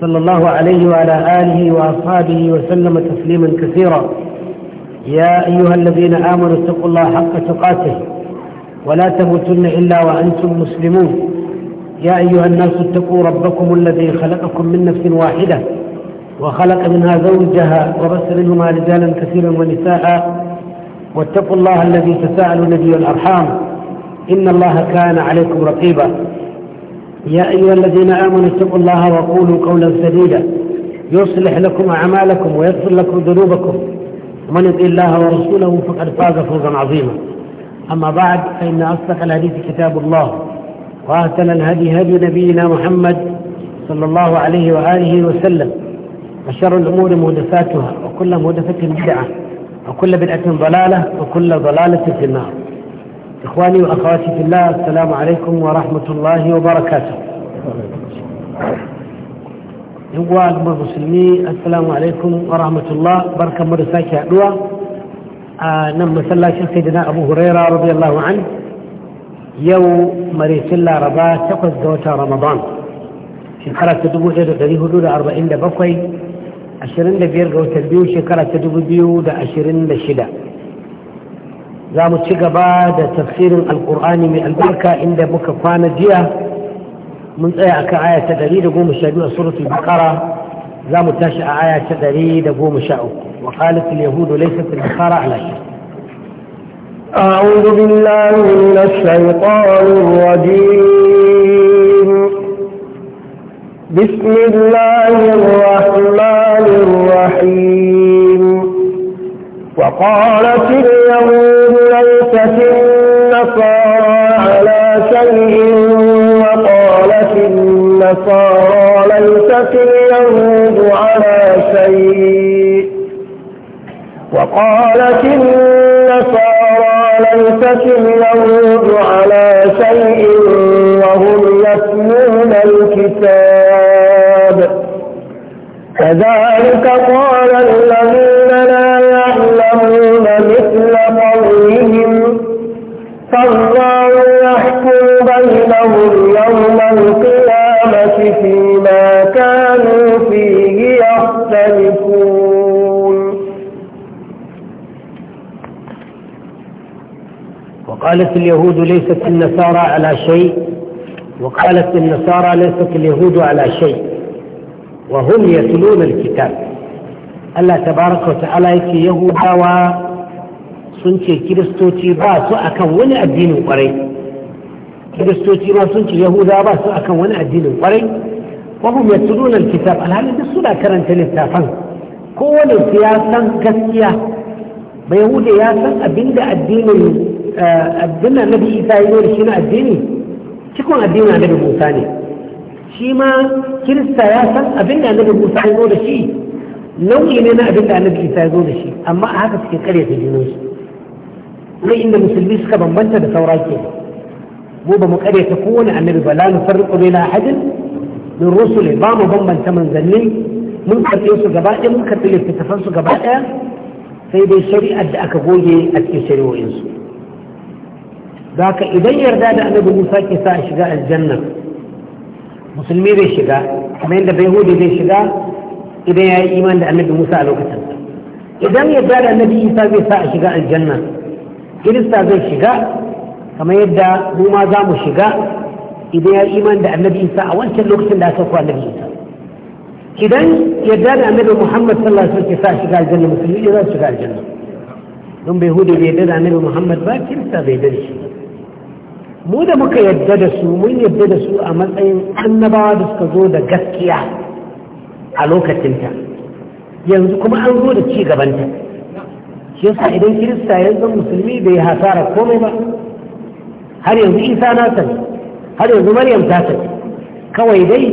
صلى الله عليه وعلى آله وأصحابه وسلم تسليما كثيرا يا أيها الذين آمنوا اتقوا الله حق تقاته ولا تموتن إلا وأنتم مسلمون يا أيها الناس اتقوا ربكم الذي خلقكم من نفس واحدة وخلق منها زوجها وبس منهما رجالا كثيرا ونساء واتقوا الله الذي تساءلوا نبي الأرحام إن الله كان عليكم رقيبا يا أيها الذين آمنوا اتقوا الله وقولوا قولا سديدا يصلح لكم أعمالكم ويغفر لكم ذنوبكم ومن يطع الله ورسوله فقد فاز فوزا عظيما أما بعد فإن أصدق الحديث كتاب الله وأهتنا الهدي هدي نبينا محمد صلى الله عليه وآله وسلم وشر الأمور مهدفاتها وكل مهدفة بدعة وكل بدعة ضلالة وكل ضلالة في النار إخواني وأخواتي في الله السلام عليكم ورحمة الله وبركاته يقوى المسلمي السلام عليكم ورحمة الله بركة مرساك أدوى نم مسلا سيدنا أبو هريرة رضي الله عنه يو مريس الله ربا تقوز دوتا رمضان shekara ta dubu ɗaya da ɗari hudu da arba'in da bakwai ashirin da biyar ga watan biyu shekara ta dubu biyu da ashirin da shida za mu ci gaba da tafsirin alkur'ani mai albarka inda muka kwana jiya mun tsaya a kan aya ta 112 a suratul baqara za mu tashi a aya ta 113 wa qalat al yahudu laysat al nasara ala shay أعوذ بالله من الشيطان الرجيم بسم الله الرحمن الرحيم وقالت اليهود قالت النصارى على شيء وقالت النصارى ليست اليهود على شيء وقالت النصارى ليست اليهود على شيء وهم يتلون الكتاب كذلك قال قالت اليهود ليست النصارى على شيء وقالت النصارى ليست اليهود على شيء وهم يتلون الكتاب الله تبارك وتعالى يكي يهودا و سنتي كريستوتي با سو اكن وني كريستوتي ما سنتي يهودا با سو اكن وني وهم يتلون الكتاب الان دي سودا كرنت لتافن كل سياسه كسيا بيهودي يا سن ابين ادين abin da annabi isa ya yi shi na addini cikin addinin annabi musa ne shi ma kirista ya san abin da annabi musa ya zo da shi nau'i ne na abin da annabi isa ya zo da shi amma a haka suke kare ta junan su inda musulmi suka bambanta da saura ke mu ba mu kare ta kowane annabi ba la nufarriqu baina ahadin min rusuli ba mu bambanta manzannin mun karɓe su gaba ɗaya mun karɓi littattafan su gaba ɗaya sai dai shari'ar da aka goge a cikin shari'o'insu da haka idan yarda da annabi musa ke sa a shiga aljanna musulmi zai shiga kuma yadda bai hudu zai shiga idan ya yi iman da annabi musa a lokacin idan yarda da annabi isa zai sa a shiga aljanna kirista zai shiga kamar yadda mu ma za mu shiga idan ya yi iman da annabi isa a wancan lokacin da aka kuwa annabi isa idan yarda da annabi muhammad sallallahu alaihi wasallam ke sa shiga aljanna musulmi ne za su shiga aljanna don bai hudu bai yarda da annabi muhammad ba kirista bai yarda da mu da muka yadda da su mun yadda da su a matsayin annabawa da suka zo da gaskiya a lokacinta yanzu kuma an zo da ci gabanta shi yasa idan kirista ya zan musulmi bai hasara komai ba har yanzu isa na sani har yanzu maryam ta sani kawai dai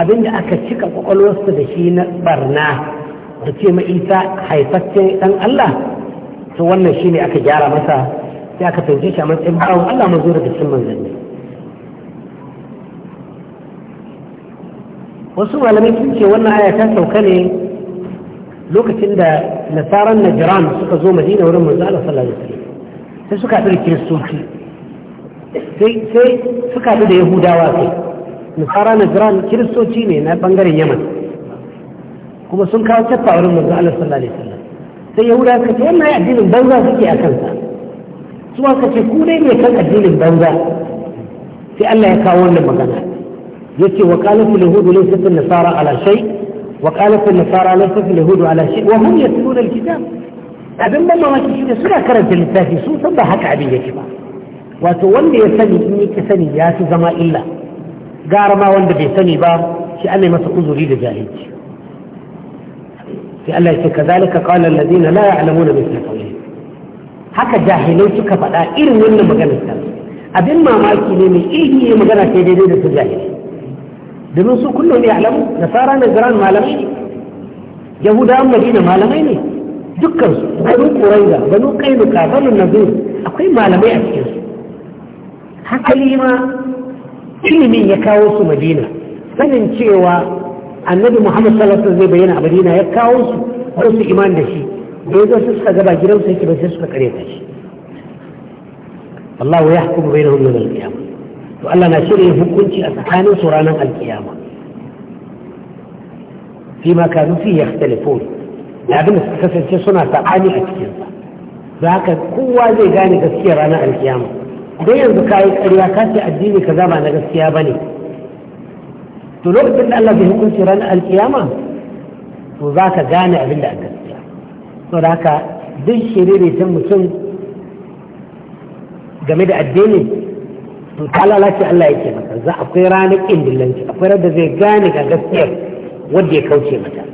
abin da aka cika kwakwalwarsa da shi na barna da ce ma isa haifaccen dan allah to wannan shine aka gyara masa sai aka fahimce shi a matsayin bawon Allah mazo daga cikin manzanni wasu malamai sun ce wannan aya ta sauka ne lokacin da nasaran najiran suka zo madina wurin manzo Allah sallallahu alaihi wasallam sai suka sai suka da yahudawa kai nasara najiran ne na bangaren yaman kuma sun kawo wurin manzo Allah sallallahu alaihi wasallam sai yahudawa suka ce wannan addinin banza suke a kansa Suwa ma ka ce ku dai mai kan addinin banza sai Allah ya kawo wannan magana yace wa qalatul yahudu laysat an-nasara ala shai? wa qalatul nasara laysat al-yahudu ala shai? wa hum yatluna al-kitab abin ban mamaki ne suna karanta littafi sun san ba haka abin yake ba wato wanda ya sani in yake sani ya fi zama illa gara ma wanda bai sani ba shi Allah masa uzuri da jahilci sai Allah ya ce kazalika qala alladhina la ya'lamuna mithla haka jahilai suka faɗa irin wannan maganar ta abin mamaki ne mai ilimi ne magana sai daidai da su jahilai domin su kullum ne alamu nasara na garan malamai ne yahudawan madina malamai ne dukkan su banu kuraiza banu kainuka banu nazir akwai malamai a cikin su hakali ma ilimin ya kawo su madina sanin cewa annabi muhammad sallallahu alaihi zai bayyana a madina ya kawo su wasu iman da shi da ya zo su suka gaba gidansu yake ba sai suka kare ta shi Allah ya hukumu bai da hudu da alƙiyama to Allah na shirya hukunci a tsakanin su ranar alƙiyama fi ma kanu fi ya telefon da abin da suka kasance suna saɓani a cikinsa da haka kowa zai gane gaskiya ranar alƙiyama don yanzu ka yi ƙarya ka ce addini ka zama na gaskiya ba ne to lokacin da Allah zai hukunci ranar alƙiyama to za ka gane abin da aka sau da haka duk shiriritin mutum game da addini in ka lalace Allah yake maka za akwai ranar indilanci akwai ranar da zai gane ga gaskiyar wadda ya kauce mata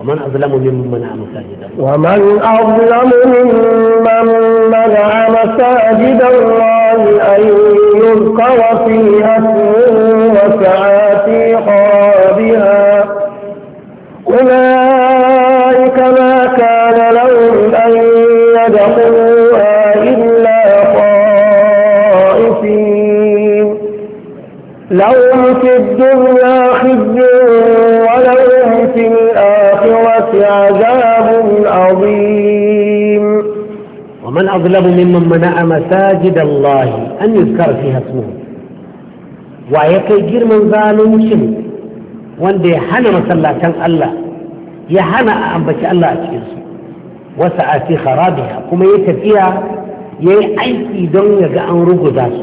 ومن أظلم ممن منع مساجد الله ومن أظلم ممن منع مساجد الله أن يذكر فيها اسمه أغلب ممن منع مساجد الله أن يذكر فيها اسمه ويكي جرما ظالمشن وان ya hana a ambaci Allah a cikinsu wasu a fi kharabiha kuma ya tafiya ya yi aiki don ya ga an ruguza su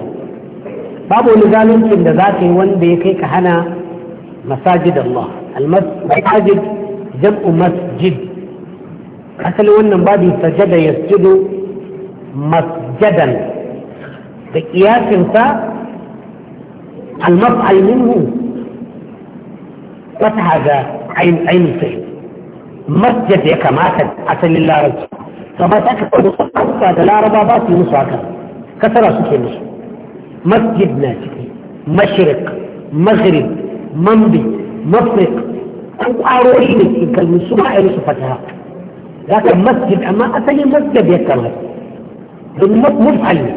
babu wani zaluncin da za ka yi wanda ya kai ka hana masajid Allah masajid jam'u masjid asali wannan babu sajada yasjudu masjadan da ƙiyafinsa al-maf'al minhu wata haza ain ain sai kamata asalin larabci kamar ta ka kwado kwasa da laraba ba su yi musu haka kasara suke musu masjid na ciki mashirik maghrib mambi mafrik an kwarori ne su ba a yi musu za amma kamata domin maf'al ne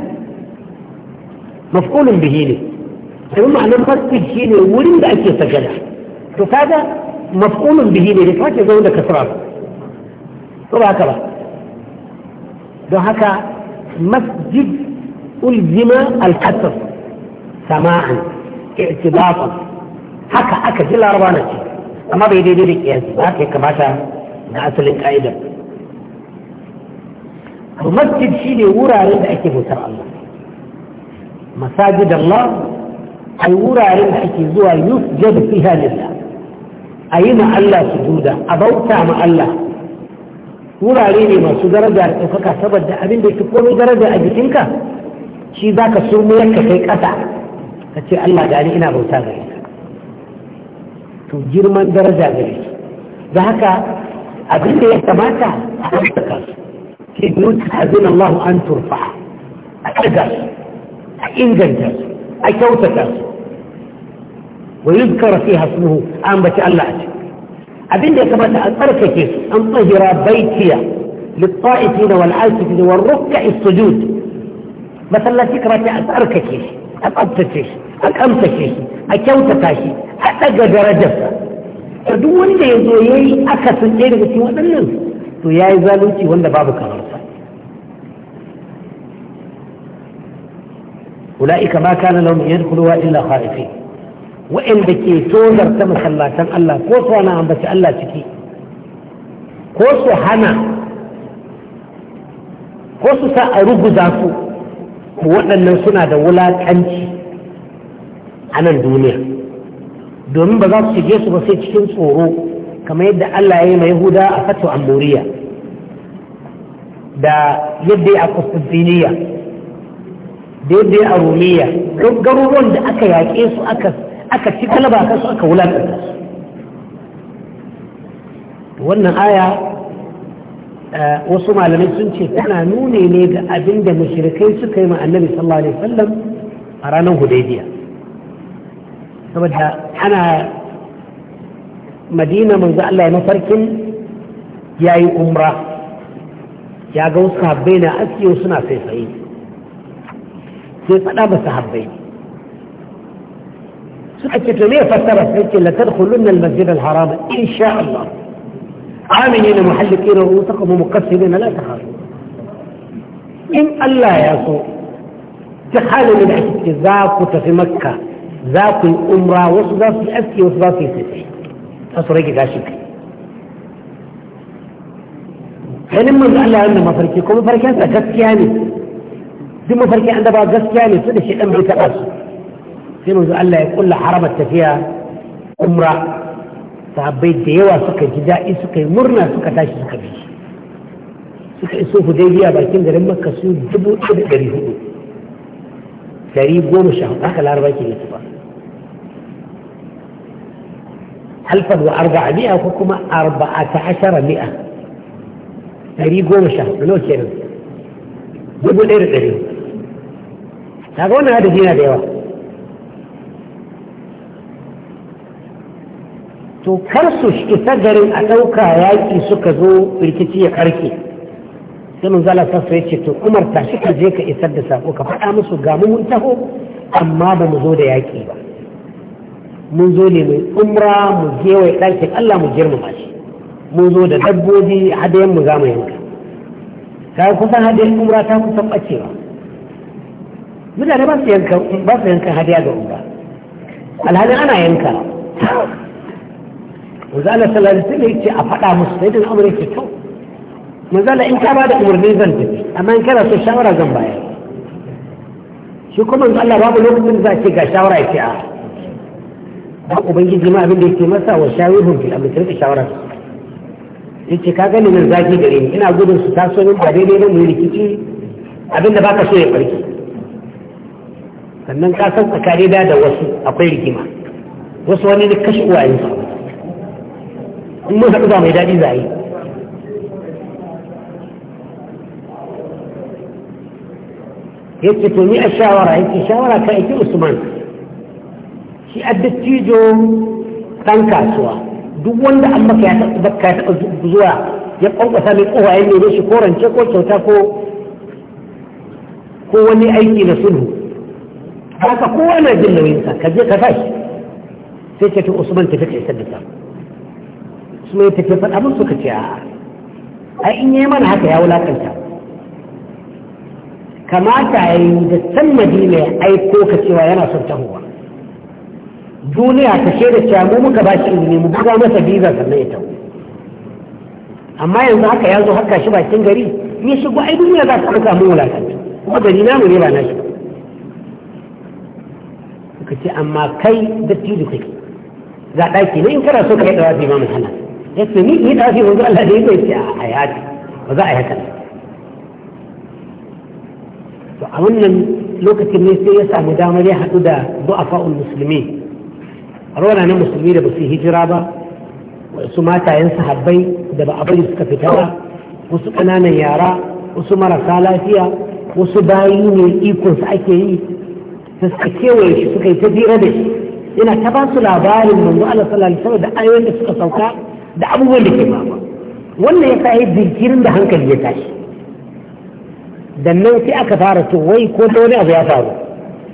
maf'ulun bihi ne domin ma'anar masjid shi ne wurin da ake sajada to kaga maf'ulun bihi ne da kake zo da kasra ko ba haka ba don haka masjid ulzima al-qasr sama'an i'tibatan haka aka ji larabawa ce amma bai daidai da kiyasi ba haka ya kamata da asalin ka'idar to masjid shine wuraren da ake bautar Allah masajid Allah ai wuraren da ake zuwa yusjad fiha a ayi ma Allah sujuda a bauta ma Allah wurare ne masu daraja da ɗaukaka saboda abin da ke komai daraja a jikinka shi za ka surmiyar ka kai ƙasa ka ce Allah gani ina bauta gare ka to girman daraja gare da haka abin da ya kamata a ɗaukaka su ibnus azin Allah an turfa a ƙarga su a inganta su a kyautata su wa yuzkara fi hasmuhu an bace Allah a ciki ya kamata a tsarkake an tsahira baitiya للطائفين والعاكفين والركع السجود مثلا تكرة أتأرككش أتأبتكش أتأمتكش أكوتكش أتأجى درجة فدوان ده يزوي أكثر جيرك في وقت النمس to ya yi zalunci wanda babu kamarsa ula'ika ma kana lahum yadkhuluha illa khaifin wa'inda ke ta masallatan Allah ko su hana ambaci Allah ciki ko su hana ko su sa a ruguza su waɗannan suna da wulaƙanci a nan duniya domin ba za su shige su ba sai cikin tsoro kamar yadda Allah ya yi mai Yahuda a fatu Amuriya da yadda a Kustantiniya da yadda a Rumiya duk garuruwan da aka yaƙe su aka ci galaba aka su aka wulaƙanta su wannan aya wasu malamai sun ce tana nune ne ga abin da mashirikai suka yi ma annabi sallallahu alaihi wasallam a ranar hudaybiya saboda ana madina manzo Allah ya mafarkin ya yi umra ya ga wasu habbai na asiyo suna saifaye sai faɗa ba su habbai suka ce to me ya fassara sai ce la tadkhulun al masjid al haram insha Allah aminin muhalliqin ru'usakum muqassirin la takhafu in Allah ya so ta halin da ake za ku tafi makka za ku yi umra wasu za su yi aski wasu za su yi saifaye ta su rage gashin kai ganin manzo Allah yana mafarki kuma farkin sa gaskiya ne duk mafarki an daba gaskiya ne su da shi dan bai taba su sai manzo Allah ya kulla haramar tafiya umra sahabbai da yawa suka ji daɗi suka yi murna suka tashi suka bi suka iso biya bakin garin makka su dubu ɗaya da ɗari hudu dari goma sha hudu haka laraba ke nufi ba alfan wa arba'a mi'a ko kuma arba'a ta ashara mi'a ɗari goma sha nawa kenan dubu ɗari? da ɗari kaga wannan hadisi yana da yawa to kar su isa garin a ɗauka yaƙi suka zo rikici ya ƙarfe sai mun zala sassa ya ce to umar ta shi ka je ka isar da saƙo ka faɗa musu ga mu mun taho amma ba mu zo da yaƙi ba mun zo ne mai umra mu wa ɗakin Allah mu girmama shi mun zo da dabbobi hadayen mu za mu yanka ta kusan hadayen umra ta kusan ɓacewa mutane ba su yanka ba su yanka hadaya ga umra alhalin ana yanka manzo Allah sallallahu alaihi ce a faɗa musu sai dan amurin ce to manzo in ka ba da umarni zan tafi amma in kana so shawara zan bayar shi kuma manzo Allah babu lokacin za ce ga shawara ya ce a dan ubangiji ma abin da yake masa wa shawihun fil amri tarika shawara yace ka gani nan zaki gare ni ina gudun su taso min ba daidai ba mu rikici abin da baka so ya farki sannan ka san tsakani da da wasu akwai rigima wasu wani ne kashi uwa su in mun haɗu ba mai daɗi za yi yake to ni a shawara yake shawara ka aiki usman shi addattijo ɗan kasuwa duk wanda an maka ya taɓa zuwa ya ƙwanƙwasa mai ƙofa ya nemi shi ko rance ko kyauta ko ko wani aiki na sulhu haka kowa na jin nauyinka ka je ka tashi sai ce to usman tafi ka isar da ta usman ya tafi faɗa musu ka ce a'a ai in yi mana haka ya wulakanta kamata ya yi da san madina ya aiko ka cewa yana son tahowa duniya ta shaida cewa mu muka ba shi izini mu buga masa biza sannan ya tau amma yanzu haka ya zo haka shi bakin gari ni shi ai duniya za ta ɗauka mu da kuma gari mu ne ba na shi ka ce amma kai tudu kake za ɗaki ne in kana so ka yi ɗawafi ma hana ya ce ni ni ɗawafi wanzu Allah ne zai ce a yaki ba za a yi haka to a wannan lokacin ne sai ya samu damar ya haɗu da du'afa'ul musulmi rawana na musulmi da ba su hijira ba wasu matayen sahabbai da ba a bari suka fita ba wasu ƙananan yara wasu marasa lafiya wasu bayi ne ikonsu ake yi da suka kewaye shi suka yi ta jira da shi yana ta ba su labarin manzo Allah sallallahu alaihi da ayoyin da suka sauka da abubuwan da ke faruwa wannan ya sa yi da hankali ya tashi da nan sai aka fara to wai ko da wani abu ya faru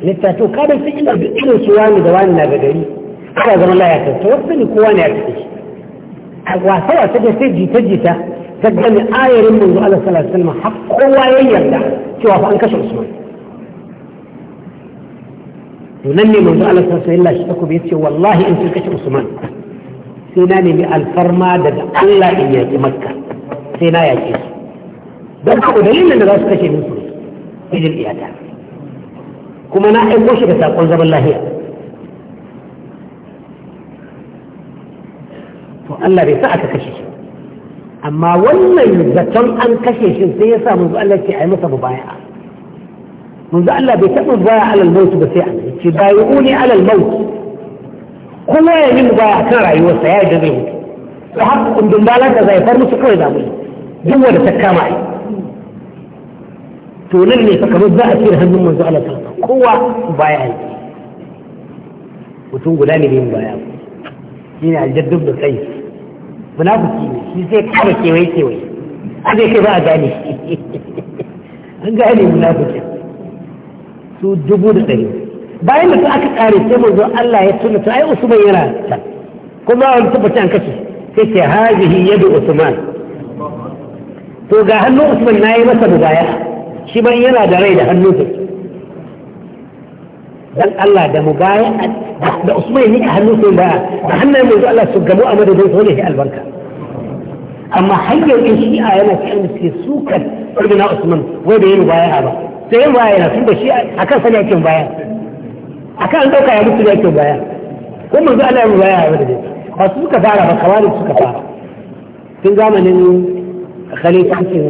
littafi to kada su ina duk irin su wani da wani na gari ana zaman laya ta to wasu ne kowa ne ya kaɗe shi a wasa wasa da sai jita jita ta gani ayarin manzo Allah sallallahu alaihi wasallam har kowa ya yarda cewa fa an kashe Usman to nan ne manzo Allah sallallahu alaihi wasallam shi takobi yace wallahi in sun kashe Usman sai na nemi alfarma daga Allah in yaki Makka sai na yake su don ku dalilin da za su kashe musu ijil iyata kuma na aiko shi da sakon zaman lahiya to Allah bai sa aka kashe shi amma wannan zaton an kashe shi sai ya sa manzo Allah ce ai masa mubaya'a manzo Allah bai taɓa mubaya alal maut ba sai an ce bayuuni alal maut kuma ya yi mubaya kan rayuwarsa ya yarda zai mutu da haka kundin balanta zai far musu kawai zamu duk wanda ta kama ai to nan ne fa kamar za a cire hannun manzo Allah ta kowa baya ne mutum guda ne bai mubaya shine aljaddub da kai munafiki ne shi zai kara kewaye kewaye a zai kai ba a gane an gane munafiki su dubu da ɗari bayan da su aka tsare sai mu zo Allah ya tuna ta ai Usman yana ta kuma wani tabbata an kace sai ce hazihi yadu Usman to ga hannu Usman nayi masa mubaya shi ban yana da rai da hannunsa dan Allah da mubaya da usman ya nika hannun sai da da hannayen manzo Allah su gamu a madadin sa ne albarka amma hanyar in shi shi'a yana cikin da suke sukar sayyidina usman wai da yin baya ba sai yin baya yana tunda shi kan sani yake baya A kan an ɗauka ya mutu ne yake baya ko manzo Allah ya baya a madadin ba su suka fara ba kawai suka fara tun zamanin khalifancin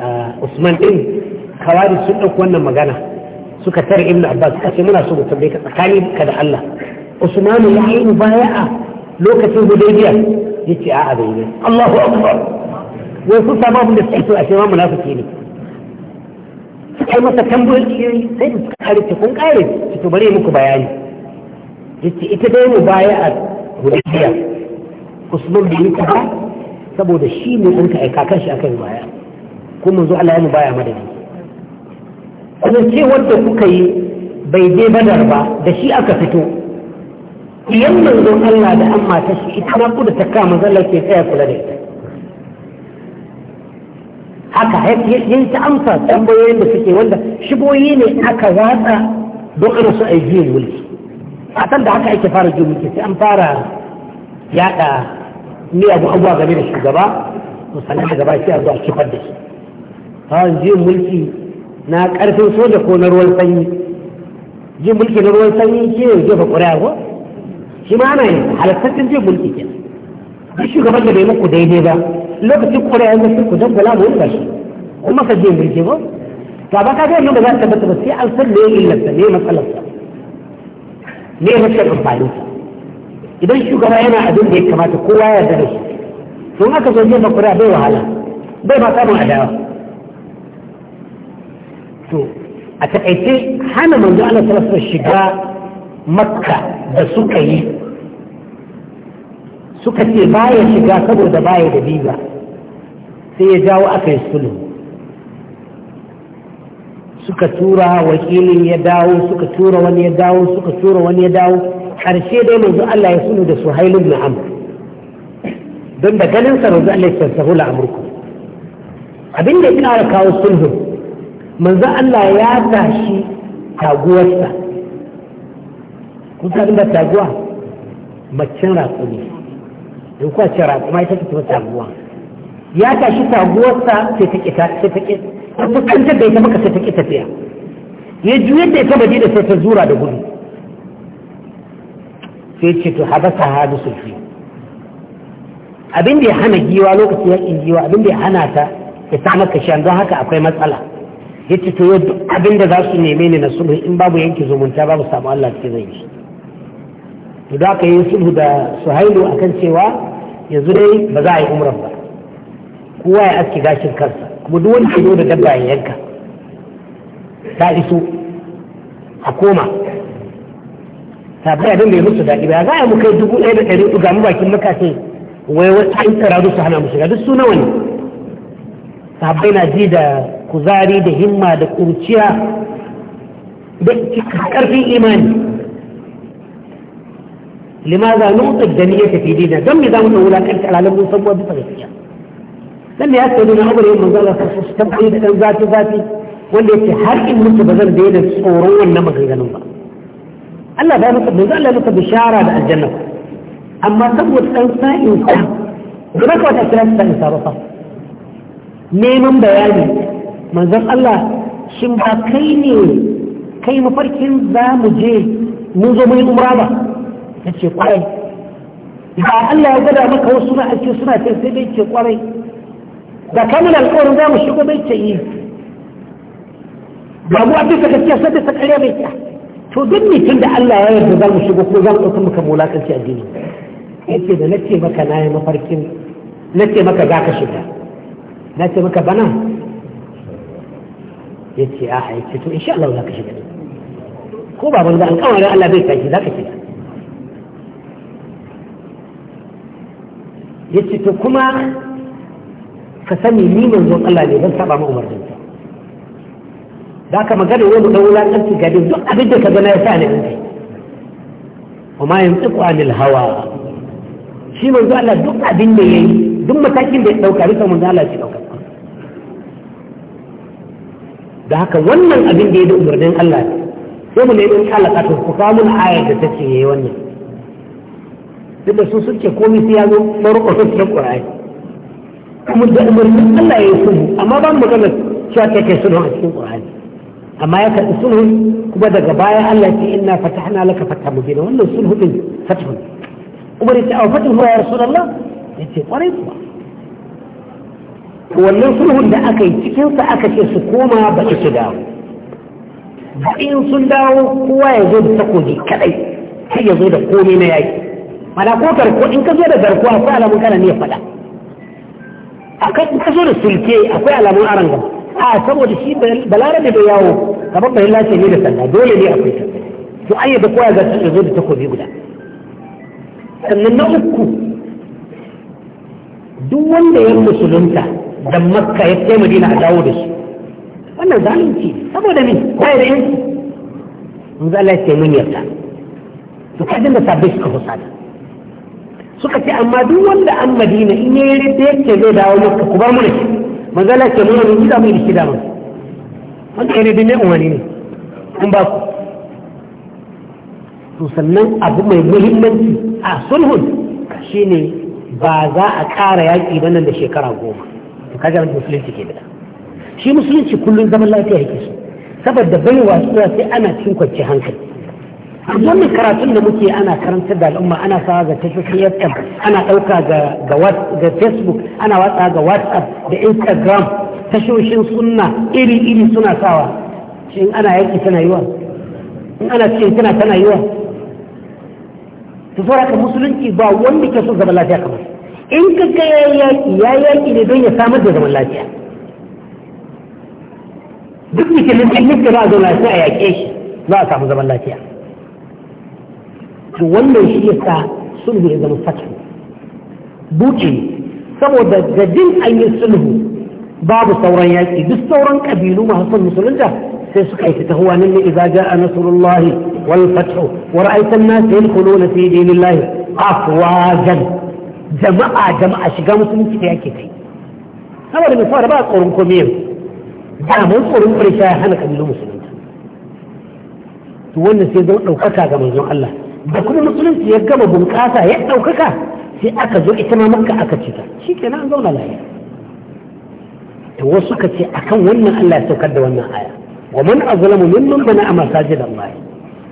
ah, usman ɗin, kawai sun ɗauki wannan magana suka tare ibn abbas suka ce muna so mu tambaye ka tsakani ka da Allah usmanu ya yi mubaya'a lokacin hudaybiya yace a'a bai ne Allahu akbar wai sun samu abin da suke so a ce ma munafiki ne suka yi masa tambayoyi sai da suka kare ce kun kare ce to bari muku bayani yace ita dai mubaya'a hudaybiya usman bai yi ta saboda shi ne ɗinka aika kan shi akan baya kuma zo Allah ya mu baya madadi kuma ce wadda kuka yi bai je badar ba da shi aka fito iyan manzon Allah da an mata shi ita ma kuda ta kama zallar ke tsaya kula da ita haka yin ta amsa tambayoyin da suke wanda shigoyi ne aka watsa don ana su a yi mulki a san da haka ake fara jin mulki sai an fara yada miyagun abubuwa game da shugaba musamman da gaba shi a zuwa kifar da shi fara jin mulki na karfin soja ko na ruwan sanyi jin mulki na ruwan sanyi ke jefa ƙuri'a ko shi ma ana yin halattattun jin mulki ke duk shugaban da bai muku daidai ba lokacin ƙuri'a yanzu sai ku dangwala mu wanda shi kuma ka jin mulki ko ga ba ka ga yadda za ta tabbata ba sai an san me illarsa me matsalarsa me rashin amfaninsa idan shugaba yana abin da ya kamata kowa ya yarda da shi to aka zo jefa ƙuri'a bai wahala bai ma samun adawa a takaice hana manzo Allah sallallahu shiga makka da suka yi suka ce baya shiga saboda baya da biza sai ya jawo aka yi sulhu suka tura wakilin ya dawo suka tura wani ya dawo suka tura wani ya dawo karshe dai manzo Allah ya sulhu da suhailu ibn amr don da ganin sa manzo Allah ya tsarsahu la amurku abin da kawo sulhu manzo Allah ya tashi taguwarsa kusa san inda taguwa macen raƙo ne in kuwa ce raƙo ma ita ce taguwa ya tashi taguwarsa sai ta kita sai ta kita ta fuskantar da ta maka sai ta kita tafiya ya juyar da ita baje da sai ta zura da gudu sai ce to habasa hadu sulfi abin da ya hana giwa lokacin yakin giwa abin da ya hana ta ya samar maka shan don haka akwai matsala ya ce to yadda abin da za su neme ne na sulhu in babu yanke zumunta babu samu Allah cikin zai yi to da aka yi sulhu da suhailu akan cewa yanzu dai ba za a yi umrar ba kowa ya aske gashin kansa kuma duk wani zo da dabba ya yanka ta iso a koma sabai abin ya musu daɗi ba za a mu kai dubu ɗaya da ɗari ga mu bakin ce wai wasu an tsara su hana musu ga duk su nawa ne sabai na ji da kuzari da himma da kurciya da karfin imani limaza nutsar da ni ya tafi dina don me za mu wula kanta alalan mun sabuwa bisa gaskiya dan da ya ce dina abu da yin manzo Allah sai su tabbai da dan zafi zafi wanda yake har in mutu ba zan daina tsoron wannan maganganun ba Allah ba maka manzo Allah maka bishara da aljanna amma saboda dan sa'in ka ba ka wata kira sa'in sa ba neman bayani manzon Allah shin ba kai ne kai mafarkin za mu je mun zo mun yi umra ba ta ce kwarai ba Allah ya gwada maka wasu suna ake suna ce sai bai ce kwarai da kamar alƙawarin za mu shigo bai ce yi eh. ba mu abin ka gaskiya sai da ta kare bai ta to duk ne tun da Allah ya yarda za mu shigo ko za mu ɗauka muka mulakanci a jini yace da nace maka na yi mafarkin nace maka za ka shiga nace maka bana ya ce a ya ce to insha Allah za ka shiga ko ba banza an Allah bai tashi za ka shiga ya ce to kuma ka sani ni manzon Allah ne zan saba ma umarnin sa za ka magana wani dan wulakanci gari duk abin da ka gana ya sa ne in kuma وما ينطق عن hawa shi manzo Allah duk abin da ya yi duk matakin da ya dauka bisa manzo Allah shi ɗauka. da haka wannan abin da ya da umarnin Allah ne sai mu nemi kalakatun ku samu ayar da take yayi wannan duk da su suke komai sai ya zo farko su cikin Qur'ani kuma da umarnin Allah ya yi sulhu amma ba mu magana cewa ta kai sulhu a cikin Qur'ani amma ya karɓi sulhu kuma daga baya Allah ya ce inna fatahna laka fatah mubina wannan sulhu din fatah umar ya ce a fatah ya rasulullah ya ce kwarai kuwa to wannan sulhun da aka yi cikinsa aka ce su koma ba su dawo in sun dawo kowa ya zo da takobi kadai sai ya zo da komai na yaki mana ko garko in ka zo da garko akwai alamun kana ne faɗa a ka zo da sulke akwai alamun aran a saboda shi balarabe da yawo kamar bayan lafiya ne da sanda dole ne akwai ta to an da kowa ya zo da takobi guda sannan na uku duk wanda ya musulunta da makka ya kai madina a dawo da shi wannan zalunci saboda min ya da yanki mun zala ya ce mun yarda to kadin da sabbi suka husada suka ce amma duk wanda an madina in yi rida yake zai dawo makka ku ba mu ne mun zala ce mun mun gida mu da shi shida mun wanda yayi rida ne umarni ne in ba ku to sannan abu mai muhimmanci a sulhun shine ba za a ƙara yaƙi ba nan da shekara goma to kaga musulunci ke bida shi musulunci kullum zaman lafiya yake so saboda bai wasuwa sai ana cikin kwanci hankali wannan karatun da muke ana karantar da al'umma ana sawa ga tafiya ana ɗauka ga facebook ana watsa ga whatsapp da instagram tashoshin sunna iri-iri suna sawa shi ana yaki tana yiwa in ana cikin tana tana yiwa ta sauraka musulunci ba wanda ke so zama lafiya kamar in ka ga ya yaki ya yaƙi ne don ya samar da zaman lafiya duk mutumin da yake ba zauna sai a yaƙe shi za a samu zaman lafiya to wannan shi yasa sulhu ya zama fatu buki saboda gadin an yi sulhu babu sauran yaƙi duk sauran ƙabilu masu son musulunta sai suka yi ta huwa nan ne idza ja'a nasrullahi wal fathu wa ra'aita an-nas yadkhuluna fi dinillahi afwajan jama'a jama'a shiga musulunci ta yake kai saboda mai fara ba tsoron komai yau da mun tsoron ƙarshe ya hana kabilun musulunci to wannan sai zama ɗaukaka ga manzon Allah da kuma musulunci ya gama bunƙasa ya ɗaukaka sai aka zo ita ma makka aka cita shi kenan an zauna lafiya to wasu ka ce akan wannan Allah ya saukar da wannan aya wa man azlamu mimman bana a masajid Allah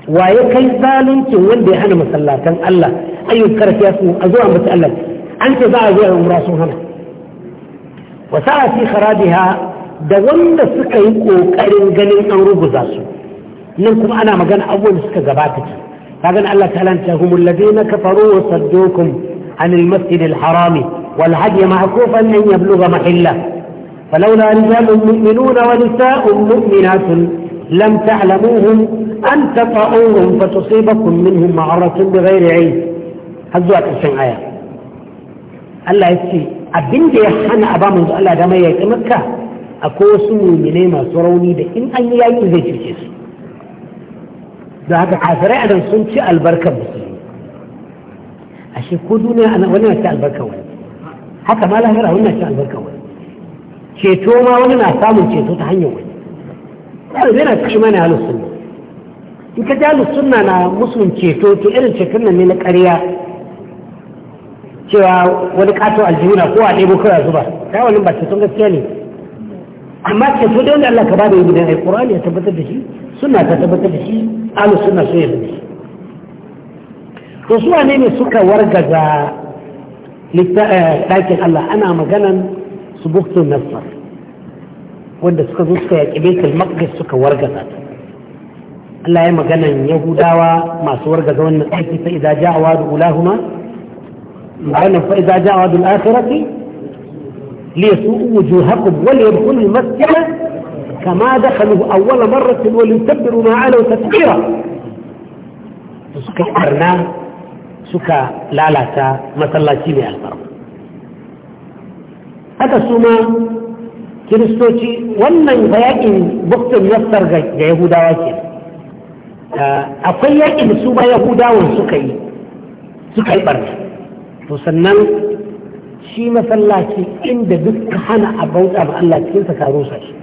waye kai zaluncin wanda ya hana masallatan Allah ayyukar ya su a zuwa mutu Allah an ce za a zuwa umra sun hana wa sa'a fi kharabiha da wanda suka yi kokarin ganin an ruguza su nan kuma ana magana abubuwan da suka gabata ce kagan Allah ta'ala ta humul ladina kafaru wa saddukum عن المسجد الحرام والهدي معكوفا أن يبلغ محله فلولا رجال مؤمنون ونساء مؤمنات لم تعلموهم أن تطعوهم فتصيبكم منهم معرة بغير عيد هزوا تسعين آية الله يسي أبين دي حانا أبا منذ الله دم يأتي مكة أكو سمو مني ما سروني دي إن أن يأتي زي تجيس ذهب عافرة أدن سنتي البركة بسيطة أشي كودونا أنا وانا أتي البركة وانا حتى ما لها غيرها وانا أتي البركة وانا ceto ma wani na samun ceto ta hanyar wani kawai yana kashi a halin sunna in ka ji sunna na musulun ceto ke irin ceton nan ne na ƙarya cewa wani ƙato aljihuna ko a ɗebo kawai zuba ta wani ba ceton gaskiya ne amma ceto da wani Allah ka ba da yi gudan alƙur'ani ya tabbatar da shi suna ta tabbatar da shi alu suna so ya da shi to ne suka wargaza eh, ɗakin Allah ana maganan su buktun nasar wanda suka zo suka yaƙi baitul maqdis suka wargaza ta Allah ya magana yahudawa masu wargaza wannan aiki fa idza ja'a wa'du ulahuma ma'ana fa idza ja'a wa'du al-akhirati li yasu'u wujuhakum wa li yadkhulu al-masjida kama dakhalu awwala marratin wa li yukabbiru ma 'alaw tatbira suka karna suka lalata masallaci mai alfarma haka suma kiristoci wannan yaƙin yakin buktin yassar ga yahudawa ke akwai yakin da su ba yahudawan suka yi suka yi barna to sannan shi masallaci inda duk hana a bauta ma Allah cikin sa karo sa shi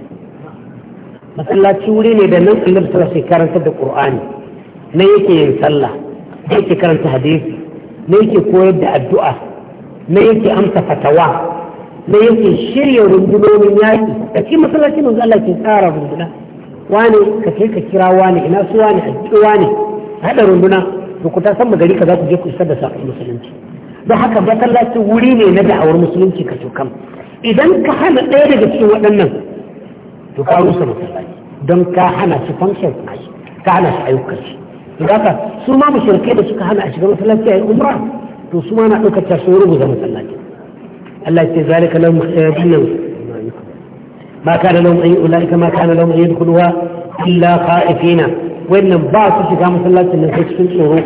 masallaci wuri ne da nan Allah ta sai karanta da Qur'ani nan yake yin sallah yake karanta hadisi na yake koyar da addu'a nan yake amsa fatawa da yake shirya rundunonin yaƙi da cikin masallacin manzo Allah ke tsara runduna wane ka kai ka kira wane ina su wane a ki wane haɗa runduna da ku ta san magari ka za ku je ku isar da saƙon musulunci don haka masallacin wuri ne na da'awar musulunci ka cokam idan ka hana ɗaya daga cikin waɗannan to ka rusa masallaci don ka hana shi function nashi ka hana shi ayyukan shi to haka su ma mushrikai da suka hana a shiga masallaci a yi umra to su ma na ɗaukar su rubuta masallaci Allah ya ce zalika lahum khayran ma kana lahum ay ulaika ma kana lahum ay yadkhuluha illa khaifina wannan ba su shiga masallacin nan sai cikin tsoro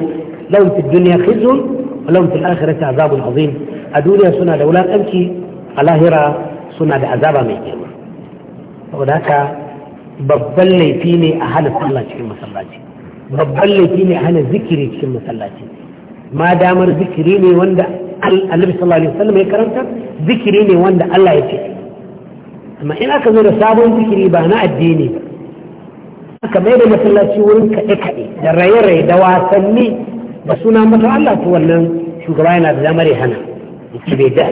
lahum fid dunya khizyun wa lahum fil akhirati azabun azim a duniya suna da wulakanci a lahira suna da azaba mai girma saboda haka babban laifi ne a hana sallah cikin masallaci babban laifi ne a hana zikiri cikin masallaci ma damar zikiri ne wanda annabi sallallahu alaihi wasallam ya karanta zikiri ne wanda Allah ya ce amma in aka zo da sabon zikiri ba na addini ba aka mai da masallaci wurin kaɗe kaɗe da raye-raye da wasanni da suna mata Allah to wannan shugaba yana da damar ya hana yake bai da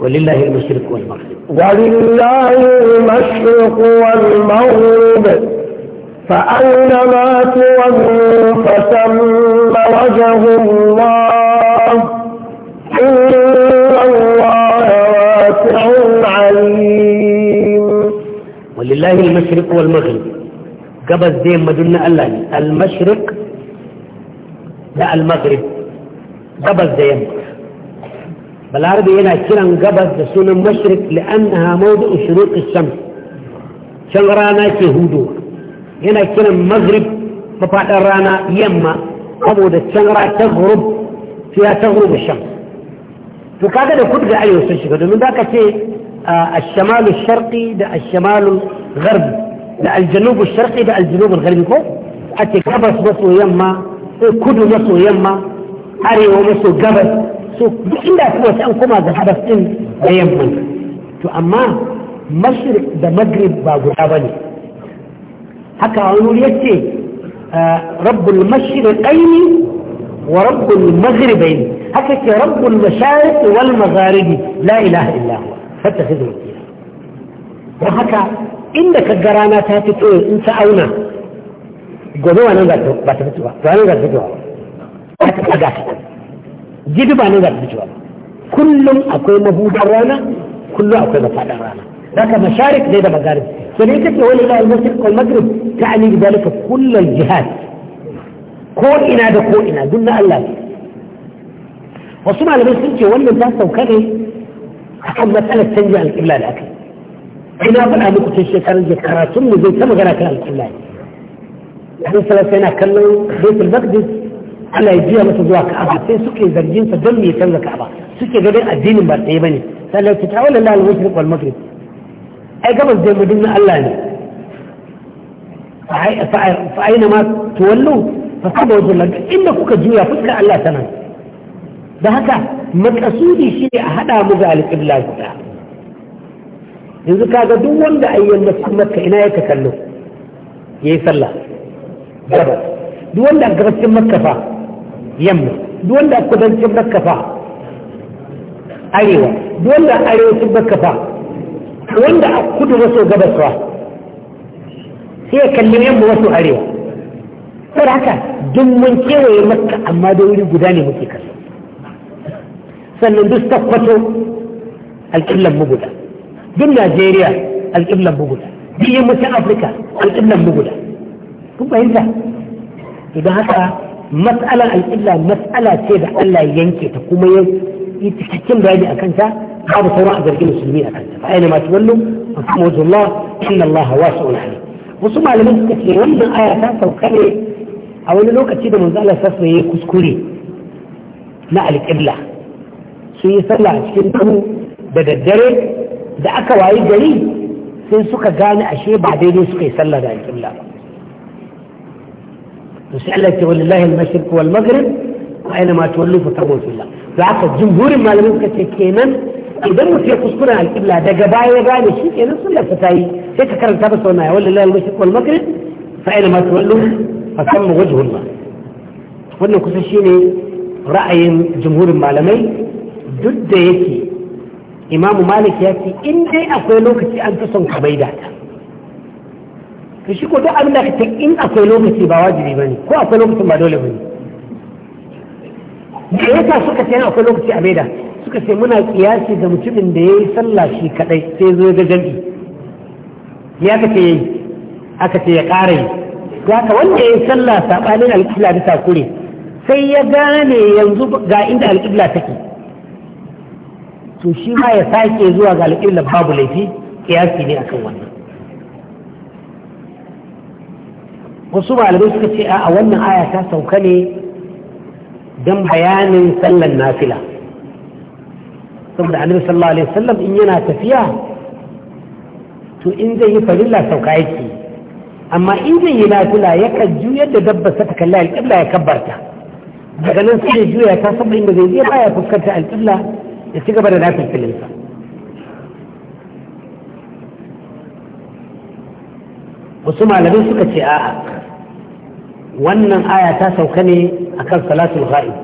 ولله المشرق والمغرب ولله المشرق والمغرب فأينما تولوا فتم وجه الله إن الله واسع عليم ولله المشرق والمغرب قبل زين مدن الله المشرق لا المغرب قبل زين بالعربي هنا كلام قبل ده سنة مشرق لأنها موضع شروق الشمس شغرانا كهدوه yana kiran maghrib mafaɗar rana yamma saboda can ra ta gurub sai ya ta gurub sham to kaga da kudu da arewa sun shiga domin zaka ce a الشمال da a الشمال garbi da aljanubu الشرقي da aljanubu الغربي ko ce gabas maso yamma ko kudu maso yamma arewa maso gabas so duk inda kuma sai an koma ga gabas din da yamma to amma mashriq da maghrib ba guda ba ne. haka wani yace ah, rabbul mashriqaini wa rabbul maghribaini haka ke rabbul mashariq wal magharibi la ilaha illa huwa fattakhidhu wakila don haka inda ka ga rana ta fito in ta auna gobe wannan za ta ba ta fito ba wannan za ta fito ba ta kaga ta gidi ba nan za ta fito ba kullum akwai mahudar rana kullum akwai mafaɗar rana haka masharik ne da magharib فليكت ولله المشرق والمغرب تعني بذلك كل الجهات ko'ina da ko'ina duk na Allah wasu malamai sun ce wannan ta sauka ne a kan matsalar canjin alƙibla da aka ina faɗa muku tun shekarar da karatun mu zai ta magana kan alƙibla ne hadin salasa yana kallon baitul maqdis Allah ya jiya masa zuwa ka'aba sai suke zargin sa don me canza ka'aba suke ganin addinin ba ɗaya bane sai Allah ya ce ta ai gabas da yamma na Allah ne fa aina ma tuwallu fa saba wajen laga inda kuka juya fuskar Allah tana da haka makasudi shi ne a haɗa mu ga alƙibla guda yanzu kaga duk wanda ayyan da sun maka ina ya ka kallo ya yi sallah gabas duk wanda a gabashin makka fa yamma duk wanda a kudancin makka fa arewa duk wanda a arewacin makka fa wanda a kudu maso gabaswa sai ya kalli yamma wasu arewa sai haka duk mun kewaye makka amma da wuri guda ne muke kallo sannan duk tabbato alƙiblan mu guda duk najeriya alƙiblan mu guda duk yammacin afirka alƙiblan mu guda kun fahimta idan haka mas'alar alƙibla matsala ce da allah yanke ta kuma ya yi cikakken bayani a kanta babu sauran a zargin musulmi a kanta fa aina ma tuwallu fa kuma wajhullah inna Allah wasi'un alim wasu aya ta sauka ne a wani lokaci da manzo Allah kuskure na alƙibla sun yi sallah a cikin kanu da daddare da aka wayi gari sai suka gane ashe ba daidai suka yi sallah da alƙibla ba to sai Allah wal aina malamai suka kenan idan mutum ya kuskura alƙibla daga baya ya gane shi ke kenan sunnar ta yi sai ka karanta ba masa wannan wallahi la yushrik wal makrib fa ila ma tuwallu fa samma wajhullah wannan kusa shine ra'ayin jumhurin malamai duk da yake imamu malik ya ce in dai akwai lokaci an fi son ka maida ta to shi ko duk abin da ce in akwai lokaci ba wajibi ba ne ko akwai lokacin ba dole ba ne me yasa suka ce akwai lokaci a maida suka ce muna kiyasi ga mutumin da ya yi sallah shi kadai sai zo ga jami'i ya ka ce yi aka ce ya kara yi ka wanda ya yi sallah saɓanin alƙibla da takure sai ya gane yanzu ga inda alƙibla take to shi ma ya sake zuwa ga alƙibla babu laifi kiyasi ne akan wannan wasu malamai suka ce a wannan aya ta sauka ne don bayanin sallan nafila saboda annabi sallallahu alaihi wasallam in yana tafiya to in zai yi farilla sauka yake amma in zai yi nafila yakan juyar da dabba ta kalla alƙibla ya kabbarta daga nan sai juya ta saboda inda zai je baya fuskanta alƙibla ya ci gaba da nafil filinsa wasu malamai suka ce a'a wannan aya ta sauka ne akan salatul ghaib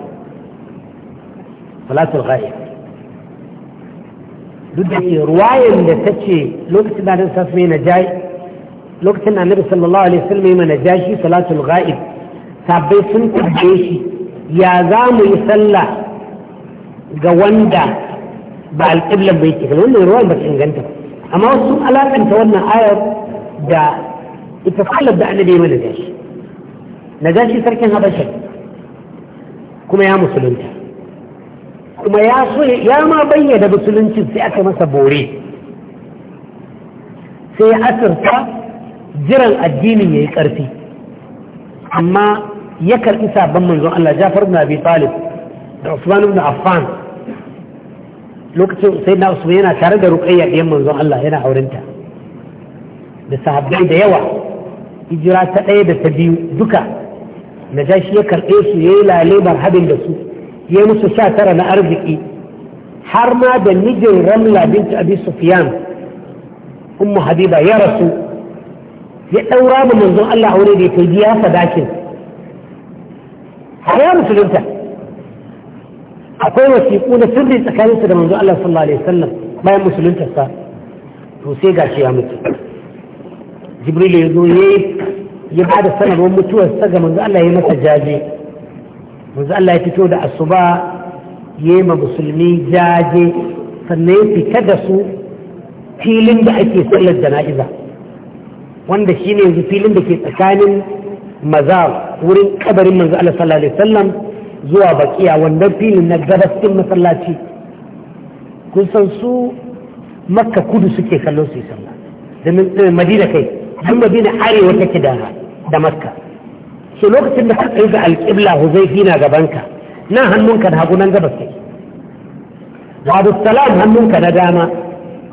salatul ghaib duk da ke ruwayen da ta ce lokacin da ta sassu na jayi lokacin da annabi sallallahu alaihi wasallam ya mana jashi salatul ghaib sabai sun tabbe shi ya za mu yi sallah ga wanda ba alƙiblan bai ke kalli wannan ruwan ba ta inganta amma wasu sun alaƙanta wannan ayar da ita sallar da annabi ya mana jashi na jashi sarkin habashin kuma ya musulunta kuma ya so ya ma bayyana musuluncin sai aka masa bore sai ya asirta jiran addinin ya yi ƙarfi amma ya karɓi sabon manzon Allah Jafar ibn Abi Talib da Usman ibn Affan lokacin sai na Usman yana tare da Ruqayya ɗiyan manzon Allah yana aurenta da sahabbai da yawa hijira ta ɗaya da ta biyu duka najashi ya karɓe su yayi lale habin da su ya musu sha tara na arziki har ma da mijin ramla binta abi sufyan Umma habiba ya rasu ya daura mu manzon Allah aure da ya kai biya sadakin har ya musulunta akwai wasiƙu na sirri tsakaninsu da manzon Allah sallallahu alaihi wasallam bayan musuluntarsa to sai gashi ya mutu jibril ya zo ya ba da sanarwar mutuwarsa ga manzon Allah ya masa jaje manzo Allah ya fito da asuba yema musulmi jaje sannan ya fita da su filin da ake sallar jana'iza wanda shine yanzu filin da ke tsakanin maza wurin kabarin manzo Allah sallallahu alaihi wasallam zuwa bakiya wannan filin na gabas din masallaci kun san su makka kudu suke kallon su sallah da madina kai duk madina arewa take da da makka to lokacin da ka tsaye ga alƙibla huzaifi na gabanka nan hannunka na hagu nan gabas take babu salam hannunka na dama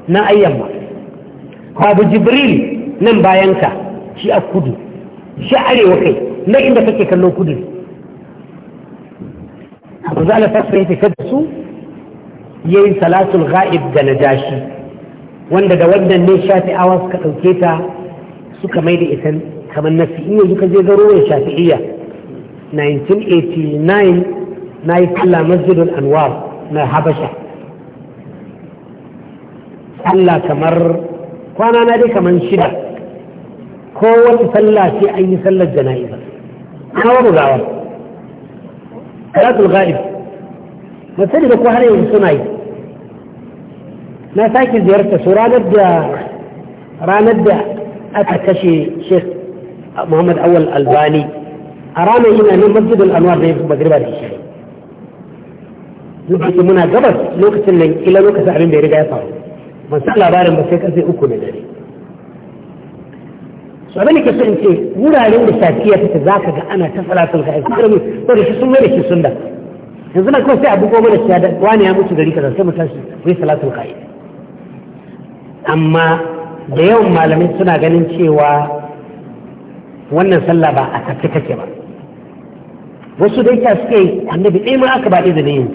na ayyamma babu jibril nan bayanka shi a kudu shi arewa kai na inda kake kallon kudu abu za a fasa ya da su ya yi salatul ga'ib da najashi wanda da wannan ne shafi'awa suka ɗauke ta suka mai da ita kamar na fi'iya duka je zaro ya shafi'iyya 1989 na yi sallah masjidun anwar na habasha sallah kamar kwana na dai kamar shida kowace sallah ce an yi sallar jana'iza ana wani rawa salatul ga'ib masani da ko har yanzu suna yi na sake ziyarta su ranar da ranar da aka kashe sheikh muhammad awal albani a ranar yana nan masjidul anwar da ya fi magriba da isha'i lokacin muna gabas lokacin nan kila lokacin abin da ya riga ya faru ban san labarin ba sai karfe uku na dare So abin da ke so in ce wuraren da shafiya take za ka ga ana ta salatun ka aiki karmi ko da shi sun mai da shi sun da yanzu na kawai sai abu goma da shi da wani ya mutu gari kaza sai mu shi mu yi salatun ka amma da yawan malamai suna ganin cewa wannan sallah ba a tafi kake ba wasu dai ta suke annabi ɗaya ma aka ba da yin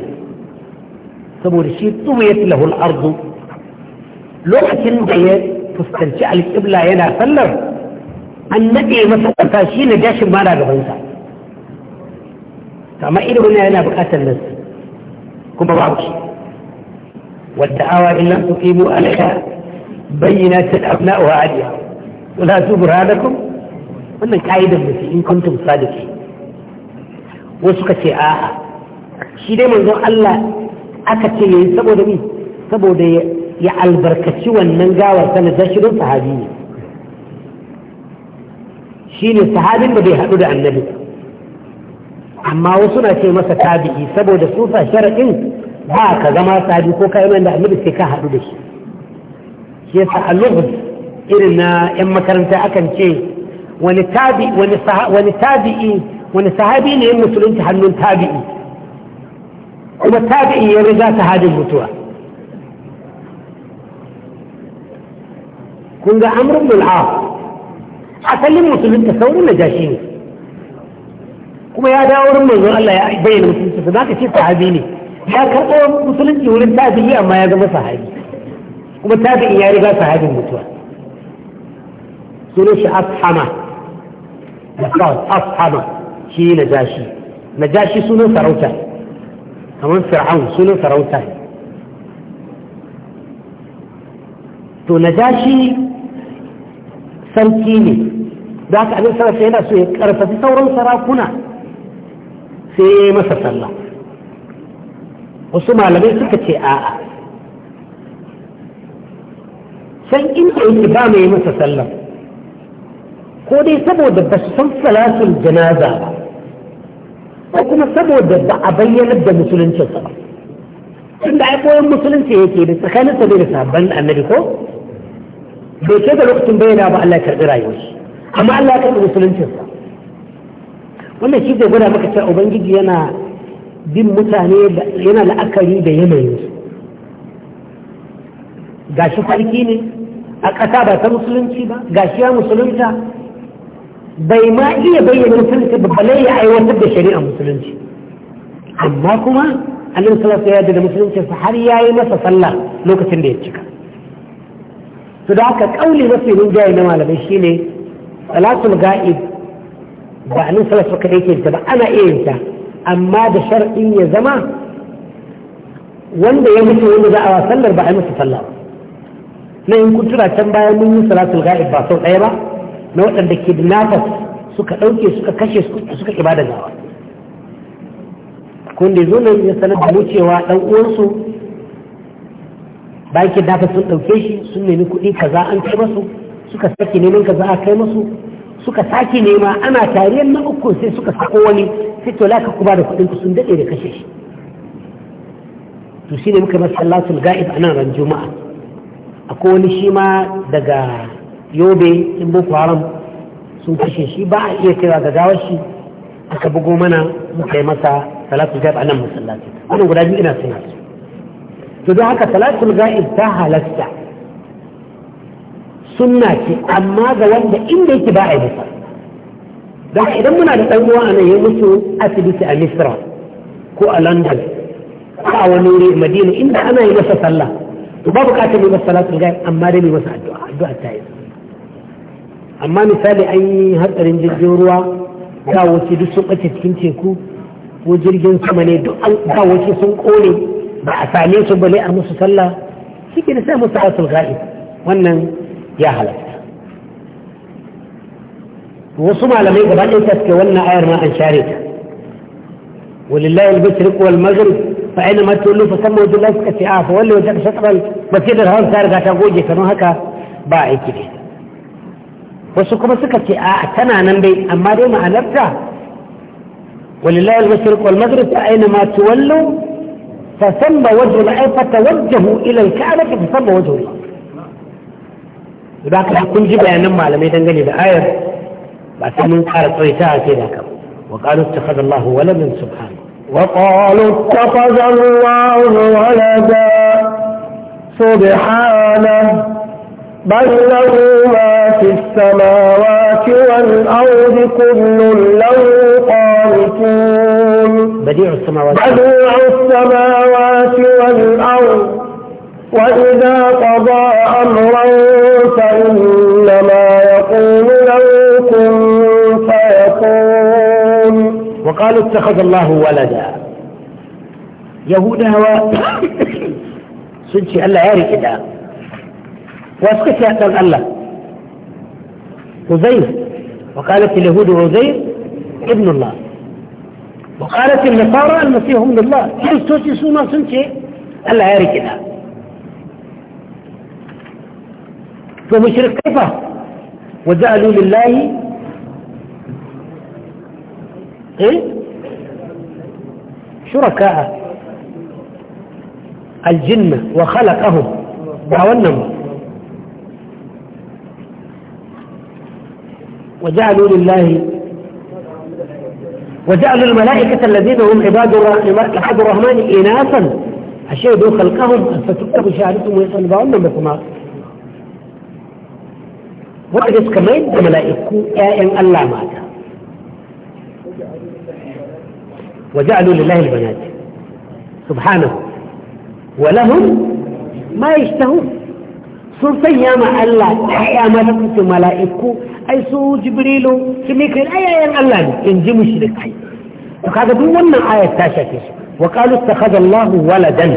saboda shi tsubiyat lahul ardu lokacin da ya fuskanci alƙibla yana sallar an naɗe masa ƙasa shi ne gashin mara gabansa amma irin wani yana buƙatar nasu kuma babu shi wadda awa illa su ƙimu alaiha bayyana ta ɗabna wa adiya ولا تبرهانكم wannan ka'idar da su in kuntum sadiki wasu ka ce a'a shi dai manzon Allah aka ce yayi saboda ni saboda ya albarkaci wannan gawar sana zashirin sahabi ne shi ne sahabin da bai haɗu da annabi amma wasu na ce masa tabi'i saboda su sa sharaɗin ba ka zama sahabi ko ka da annabi sai ka haɗu da shi shi yasa a irin na 'yan makaranta akan ce wani tabi wani wani tabi'i wani sahabi ne yin musulunci hannun tabi'i kuma tabi'i ya riga ta sahabin mutuwa kun ga amrun mul'a asalin musulunta saurin najashi ne kuma ya dawo wurin manzon Allah ya bayyana musulunci za ka ce sahabi ne ya karɓo musulunci wurin tabi'i amma ya zama sahabi kuma tabi'i ya riga sahabin mutuwa sunan shi ashama da kawai ashabu shi na jashi na jashi sunan sarauta kamar fir'aun sunan sarauta to na jashi sarki ne da haka abin sarrafa yana so ya karfafi sauran sarakuna sai ya yi masa sallah wasu malamai suka ce a'a san inda yake ba mai masa sallah ko dai saboda ba su san salatul janaza ba ko kuma saboda ba a bayyanar da musuluncinsa ba tun da aikoyin musulunci yake da tsakanin sa da sabbin annabi ko bai ce da lokacin bayyana ba Allah ya karɓi rayuwarsa amma Allah ya karɓi musuluncinsa wannan shi zai gwada maka cewa ubangiji yana bin mutane yana la'akari da yanayinsu gashi farki ne a ƙasa ba ta musulunci ba gashi ya musulunta bai ma iya bayyana musulunci ba balai ya aiwatar da shari'a musulunci amma kuma annabi sallallahu ya da musulunci har har yi masa sallah lokacin da ya cika su da haka kauli mafi rinjaye na malamai ne salatul ga'ib ba annabi sallallahu alaihi ta ba ana iya yin ta amma da shar'in ya zama wanda ya mutu wanda za a sallar ba a yi masa sallah na in kun can bayan mun yi salatul ga'ib ba sau ɗaya ba na waɗanda ke kidnappers suka ɗauke suka kashe suka ƙiba da gawa Kunde da zo nan ya sanar da mu cewa ɗan uwansu bayan sun ɗauke shi sun nemi kuɗi kaza an kai masu suka sake neman kaza a kai masu suka sake nema ana tariyar na uku sai suka sako wani sai to laka kuma da kuɗin ku sun daɗe da kashe shi to ne muka masallatul ga'ib a nan ran juma'a akwai wani shi ma daga yobe in boko haram sun kashe shi ba a iya kira ga gawar shi aka bugo mana muka yi masa salatul gaib a nan masallaci wannan guda biyu ina suna su to don haka salatul gaib ta halasta sunna ce amma ga wanda inda yake ba a yi masa don idan muna da ɗan uwa a nan ya mutu asibiti a misra ko a london ko a wani wuri madina inda ana yi masa sallah to ba bukatar yi masa salatul gaib amma dai mai masa addu'a addu'a ta yi amma misali an yi hatsarin jirgin ruwa ga wace duk sun ɓace cikin teku ko jirgin sama ne duk an ga wace sun kone ba a same su bale a musu sallah shi ke sai musu asul ga'ib wannan ya halatta wasu malamai gaba ɗaya ta suke wannan ayar ma an share ta fa ولله المشرق والمغرب فاينما تولوا فثم وجه الله فكفي اه فولي وجهك شطر المسجد الحرام ta goge تقول haka, ba aiki ne. wasu kuma suka ce a tana nan dai amma dai ma'anarta walillahi al-mashriq wal maghrib fa aina ma tuwallu fa samma wajhu ay fa tawajjahu ila al-ka'bah fa samma wajhu idan ka kun ji bayanan malamai dangane da ayar ba sai mun ƙara tsawaita a kai da ka wa qalu ittakhadha Allahu waladan subhanahu wa qalu ittakhadha Allahu waladan subhanahu بل له ما في السماوات والأرض كل له قانتون بديع السماوات بديع السماوات والأرض وإذا قضى أمرا فإنما يقول له كن فيكون وقالوا اتخذ الله ولدا يهودا سنشي ألا يارك إذا واستحيا قال لا عزير وقالت اليهود عزير ابن الله وقالت النصارى المسيح ابن الله كريستوس يسوع ما سنتي قال لها ياري كده فمشرك كفه وجعلوا لله ايه شركاء الجنة وخلقهم وعونهم وجعلوا لله وجعلوا الملائكة الذين هم عباد الرحمن, الرحمن إناثا أشهدوا خلقهم فتكتب شهادتهم ويسألون بكما وقد اسكمين الملائكة آئم الله ماتا وجعلوا لله البنات سبحانه ولهم ما يشتهون sun sanya ma Allah ya malaka mala'iku ai su jibrilu su mikail ayayen Allah ne in ji mushi da kai kaga duk wannan ayat ta shafe su wa qalu ittakhadha Allah waladan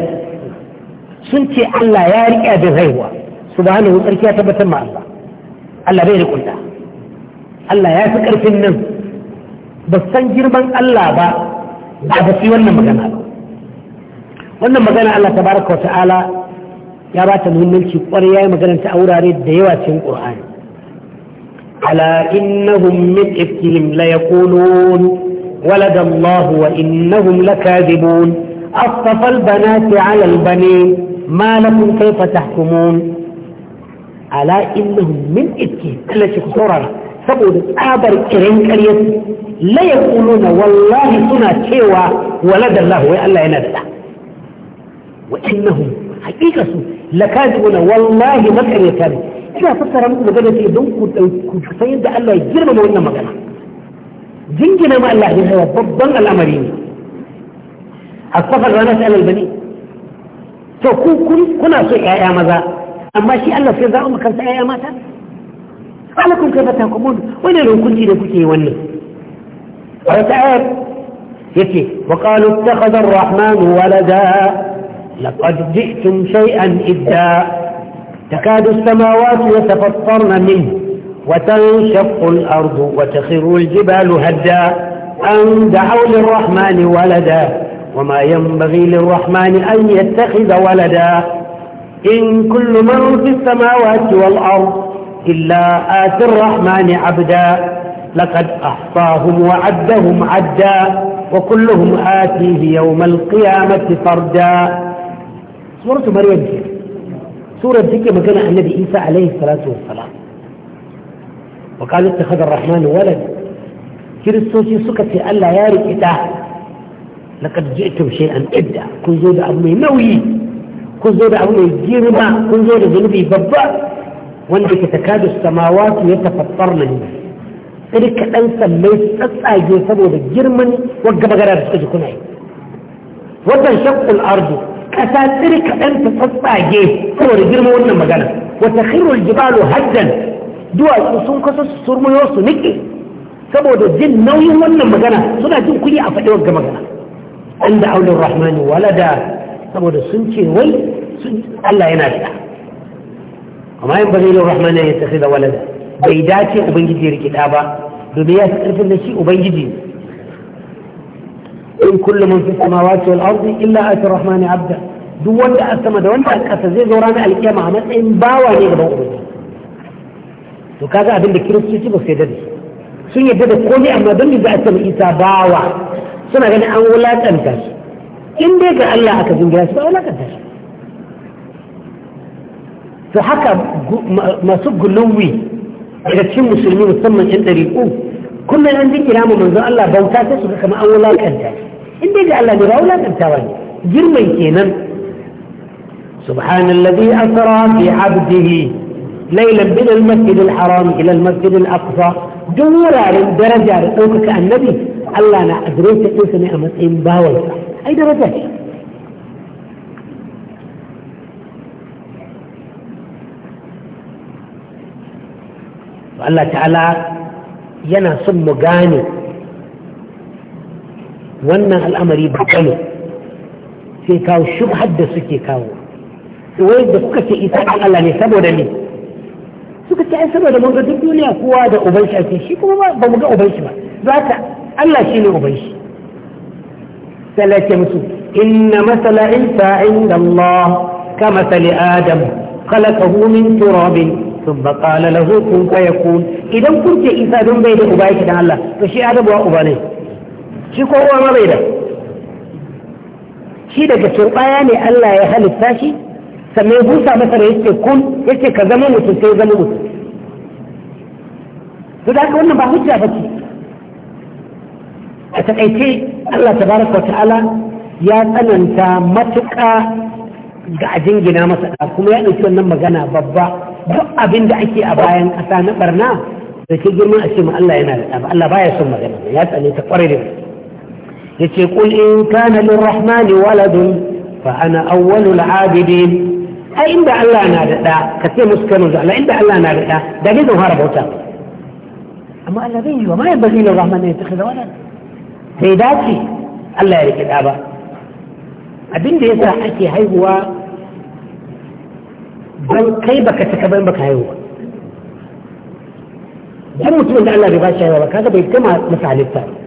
sun ce Allah ya riƙe da haihuwa Su subhanahu tsarki ya tabbatar ma Allah Allah bai rikunta Allah ya fi ƙarfin nan ba san girman Allah ba ba ba su wannan magana ba wannan magana Allah tabaraka wa ta'ala ya ba ta muhimmanci kwarai ya yi magananta a wurare da yawa cikin ƙur'ani ala innahum min ifkihim la yaqulun walada Allah wa innahum lakadibun astafa albanati ala albanin ma lakum kayfa tahkumun ala innahum min ifkihim Allah shi ku saurara saboda tsabar kiran ƙaryarsu la yaquluna wallahi suna cewa walada Allah wai Allah yana da wa innahum hakika su lakazibuna wallahi makaryata ne ina fassara muku magana ce don ku ku san yadda Allah ya girmama wannan magana jingina ma Allah ya hawa babban al'amari ne asfafar rana ta alal bani to ku kuna so ƴaƴa maza amma shi Allah sai za mu kanta ƴaƴa mata alakun kai fata ku mun wannan hukunci da kuke wannan a wata ayar yace wa qalu ittakhadha ar-rahmanu walada لقد جئتم شيئا إدا تكاد السماوات يتفطرن منه وتنشق الأرض وتخر الجبال هدا أن دعوا للرحمن ولدا وما ينبغي للرحمن أن يتخذ ولدا إن كل من في السماوات والأرض إلا آتي الرحمن عبدا لقد أحصاهم وعدهم عدا وكلهم آتيه يوم القيامة فردا suratu maryam ce surar take magana annabi isa alaihi salatu wassalam wa qalu ittakhadha rahman walad kiristoci suka ce Allah ya riƙe ta laqad ji'tum shay'an idda kun zo da abu mai nauyi kun zo da abu mai girma kun zo da babba wanda ke takadu samawati ya tafattarna ne sai kaɗan sallai tsatsage saboda girman wagga magana da suka ji kuna yi wannan shakkul ardu Ka ƙasa tsiri kaɗan ta tsatsage saboda girma wannan magana wata hirar jibalu haddan duwatsu sun kasa su surmuyo su nike saboda jin nauyin wannan magana suna jin kunya a faɗi wagga magana an da aulin rahmani walada saboda sun ce wai Allah yana da amma yin ba zai rahmani ya tafi da walada bai dace ubangiji ya rikida ba domin ya fi ƙarfin da shi ubangiji إن كل من في السماوات والأرض إلا اتى الرحمن عبدا دوان دا أسما دوان دا أسما زي زوران الكيام عمد إن باوا نيغبا أولا تو كاغا أبن بكيرو سيتي بو سيدادي سن يبدا كوني أما دون يزا أسما إيسا باوا سن أغاني أولا تنتاش إن بيغا الله أكا زنجي أسما أولا تنتاش تو حكا ما سوب قلوي إذا تشم مسلمين وصمم إنتري كلنا عندي كلام منذ الله بوتاتي سوف كما أولا تنتاش in dai ga Allah ne ba wulakantawa ne girman kenan subhanallazi asra bi abdihi laylan min al-masjid al-haram ila al-masjid al-aqsa duk wuraren daraja da ɗaukaka annabi Allah na adireshin ɗinsa ne a matsayin bawansa ai daraja ce Allah ta'ala yana son mu gane wannan al'amari ba kane sai kawo shubhar da suke kawo wai da kuka ce isa ɗan Allah ne saboda ne suka ce ai saboda mun ga duk duniya kowa da uban shi ake shi kuma ba mu ga uban shi ba za ka Allah shi ne uban shi sai ya ce musu inna masala isa inda Allah ka sali Adam khalaqahu min turabin ثم قال له كن فيكون اذا كنت عيسى دون بين ابايك الله فشي هذا ابو ابانيه shi ko ruwa ma bai da shi daga baya ne Allah ya halitta shi sannan busa masa da yake kun yake ka zama mutum sai zama mutum to da haka wannan ba hujja ba ce a takaice Allah tabaraka ta'ala ya tsananta matuƙa ga a jingina masa da kuma ya ɗauki wannan magana babba duk abin da ake a bayan ƙasa na barna da ke girma a ce ma Allah yana da ɗa Allah baya son magana ya tsane ta ƙwarai da يقول إن كان للرحمن ولد فأنا أول العابدين أين إن دعال الله نادئ ده كثير مسكن وزعل إن دعال الله نادئ ده ده جده هرب وتاب أما قال لبيه وما يبغي للرحمن يتخذ ولد هيداتي الله يريك الأبا أبين دي ساحتي هو بل كيبك تكبين بك هيوة لم تكن الله بباشا هيوة هذا بيتكما مسعى للتالي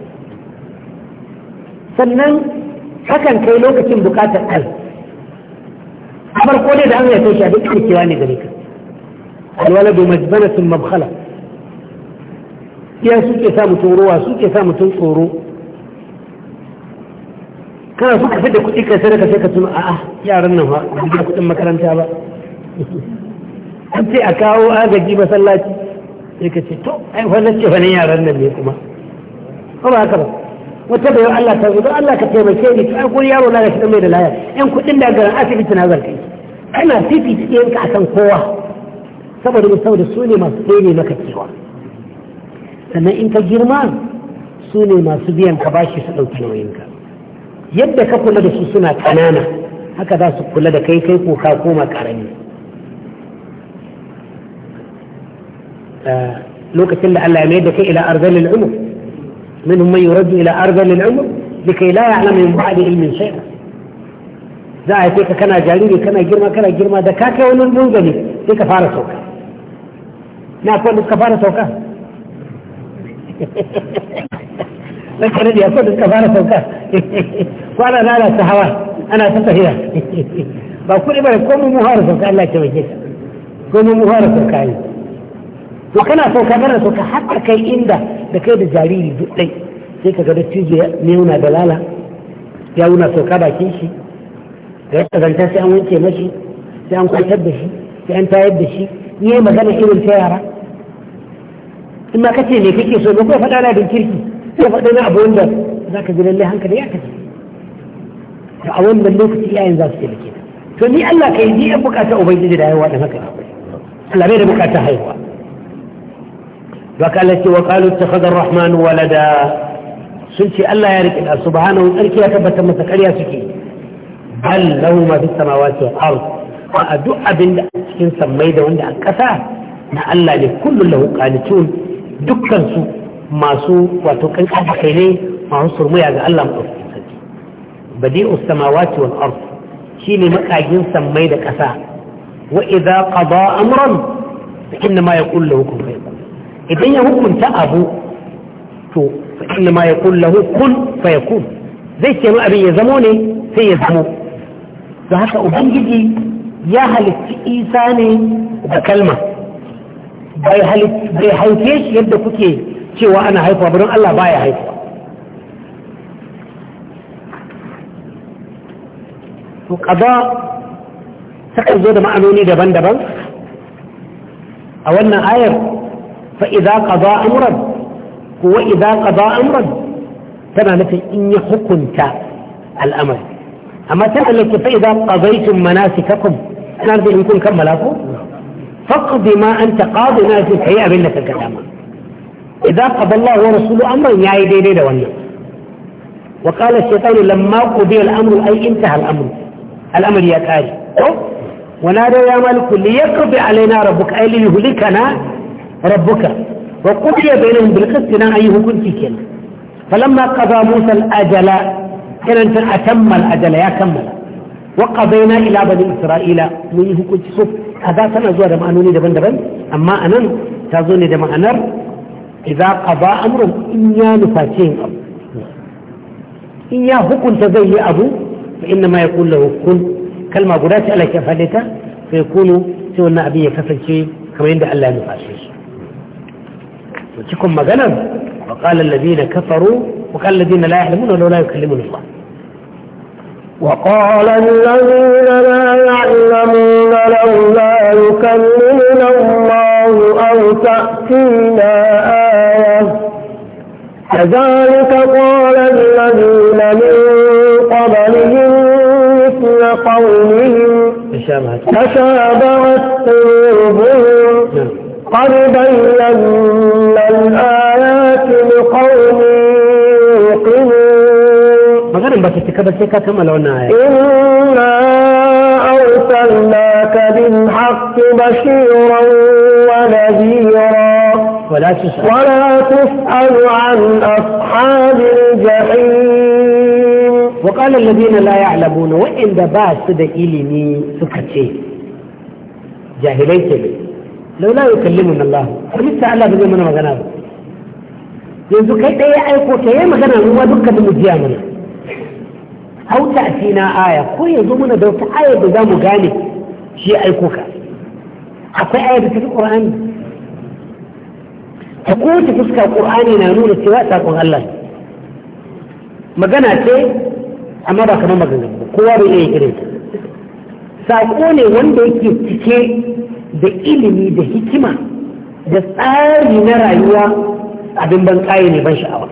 sannan hakan kai lokacin bukatar kai kamar ko dai da an yafe shi a duk kirkiwa ne gare ka alwaladu majbanatun mabkhala iya suke sa mutum ruwa suke sa mutum tsoro kana suka fi da kuɗi kai sadaka sai ka tuna a'a yaran nan ba da kuɗin makaranta ba an ce a kawo agaji masallaci sai ka ce to ai wannan ce wani yaran nan ne kuma ba haka ba wata bayan Allah ta zo Allah ka taimake ni ta aiko yaro na da shi mai da laya yan kuɗin da garin asibiti na zarkai ana fifi ɗiyanka a kan kowa saboda mu saboda su ne masu ɗaya maka kewa sannan in ka girma su ne masu biyan ka bashi su ɗauki ka yadda ka kula da su suna ƙanana haka za su kula da kai kai ko ka koma ƙarami eh, lokacin da Allah ya mayar da kai ila arzalil umur منهم من يرد إلى أرض للعمر لكي لا يعلم من بعد علم شيء ذا يتيك آية كنا جاليني كنا جرما كنا جرما دكاك ونن ننجني دي كفارة توقع ما أقول لك كفارة توقع ما كان لي أقول لك كفارة توقع وأنا لا لا سحوا أنا ستهيا بقول إبنا كومو مهارة توقع الله كما جيس كومو مهارة توقع الله to kana so ka gara so ka haɗa kai inda da kai da jariri duk sai ka ga dattijo ne yana da lala ya wuna sauka bakin shi ga yadda zanta sai an wanke mashi sai an kwantar da shi sai an tayar da shi ni yayi magana irin ta yara in ma kace me kake so ba ko faɗa na da kirki ko faɗa na abu wanda zaka ji lalle hankali ya kace to a wannan lokaci iyayen za su ce da to ni Allah kai ni ya bukata ubangiji da yawa da haka Allah bai da bukata haihuwa وقالت وقالوا اتخذ الرحمن ولدا سنتي ya يرك masa وتعالى suke مسكريا سكي بل له ما في السماوات والارض وادعو ابن cikin sammai da wanda a ƙasa na Allah ne kullum lahu qanitun dukkan su masu wato kan kai ne masu surmuya ga Allah mu badi'us samawati wal ard shine makagin sammai da ƙasa wa idza qada amran inna yaqulu lahu kun idan ya hukunta abu to inna ma yaqul lahu kun fayakun zai ce abin ya zamo ne sai ya zamo da haka ubangiji ya halitta isa ne da kalma bai haife shi yadda kuke cewa ana haifa don Allah baya haifa to kaza takan zo da ma'anoni daban-daban a wannan ayar فإذا قضى أمرا هو إذا قضى أمرا كما مثل إن حكمت الأمر أما تنا لك فإذا قضيتم مناسككم أنا أرضي إن كم ملاكو فاقض ما أنت قاضي ناسك هي أبنك الكلام إذا قضى الله ورسوله أمرا يا يدي دي دي وقال الشيطان لما قضي الأمر أي انتهى الأمر الأمر يا كاري ونادى يا مالك ليقضي علينا ربك أي ليهلكنا rabbuka wa qudiya bainahum bil qist nan ayi hukunci kenan falamma qada musa al ajala kenan tan atamma al ya kammala wa qadaina ila bani isra'ila mun yi hukunci so kaza tana zuwa da ma'anoni daban-daban amma anan ta zo da ma'anar in ya abu in ya hukunta zai yi abu fa inna ma yaqul lahu kun kalma guda ce Allah ke fadita fa yakunu sai wannan abin ya kasance kamar yadda Allah ya nufa shi تكون مثلا وقال الذين كفروا وقال الذين لا يعلمون ولا يكلمون الله وقال الذين لا يعلمون لولا يكلمنا الله أو تأتينا آية كذلك قال الذين من قبلهم مثل قومهم تشابهت قلوبهم نعم. قد بينا ayan ba ta cika ba sai ka kammala wannan aya inna arsalnaka bil haqqi bashiran wa nadhira ولا تسأل ولا تسأل عن أصحاب الجحيم وقال الذين لا يعلمون وإن باس دا إلمي سكتي جاهليت لي لو لا يكلمنا الله ولسه الله بزي منا مغنى yanzu kai ɗaya aiko ta yi magana ruwa dukkan mu jiya mana hauta a na aya ko yanzu muna da wata ayar da za mu gane shi aiko ka akwai ayar da ta fi ƙur'ani ta kowace fuska ƙur'ani na nuna cewa saƙon Allah magana ce amma ba kamar magana kowa bai iya irin saƙo ne wanda yake cike da ilimi da hikima da tsari na rayuwa abin ban ne ban sha'awa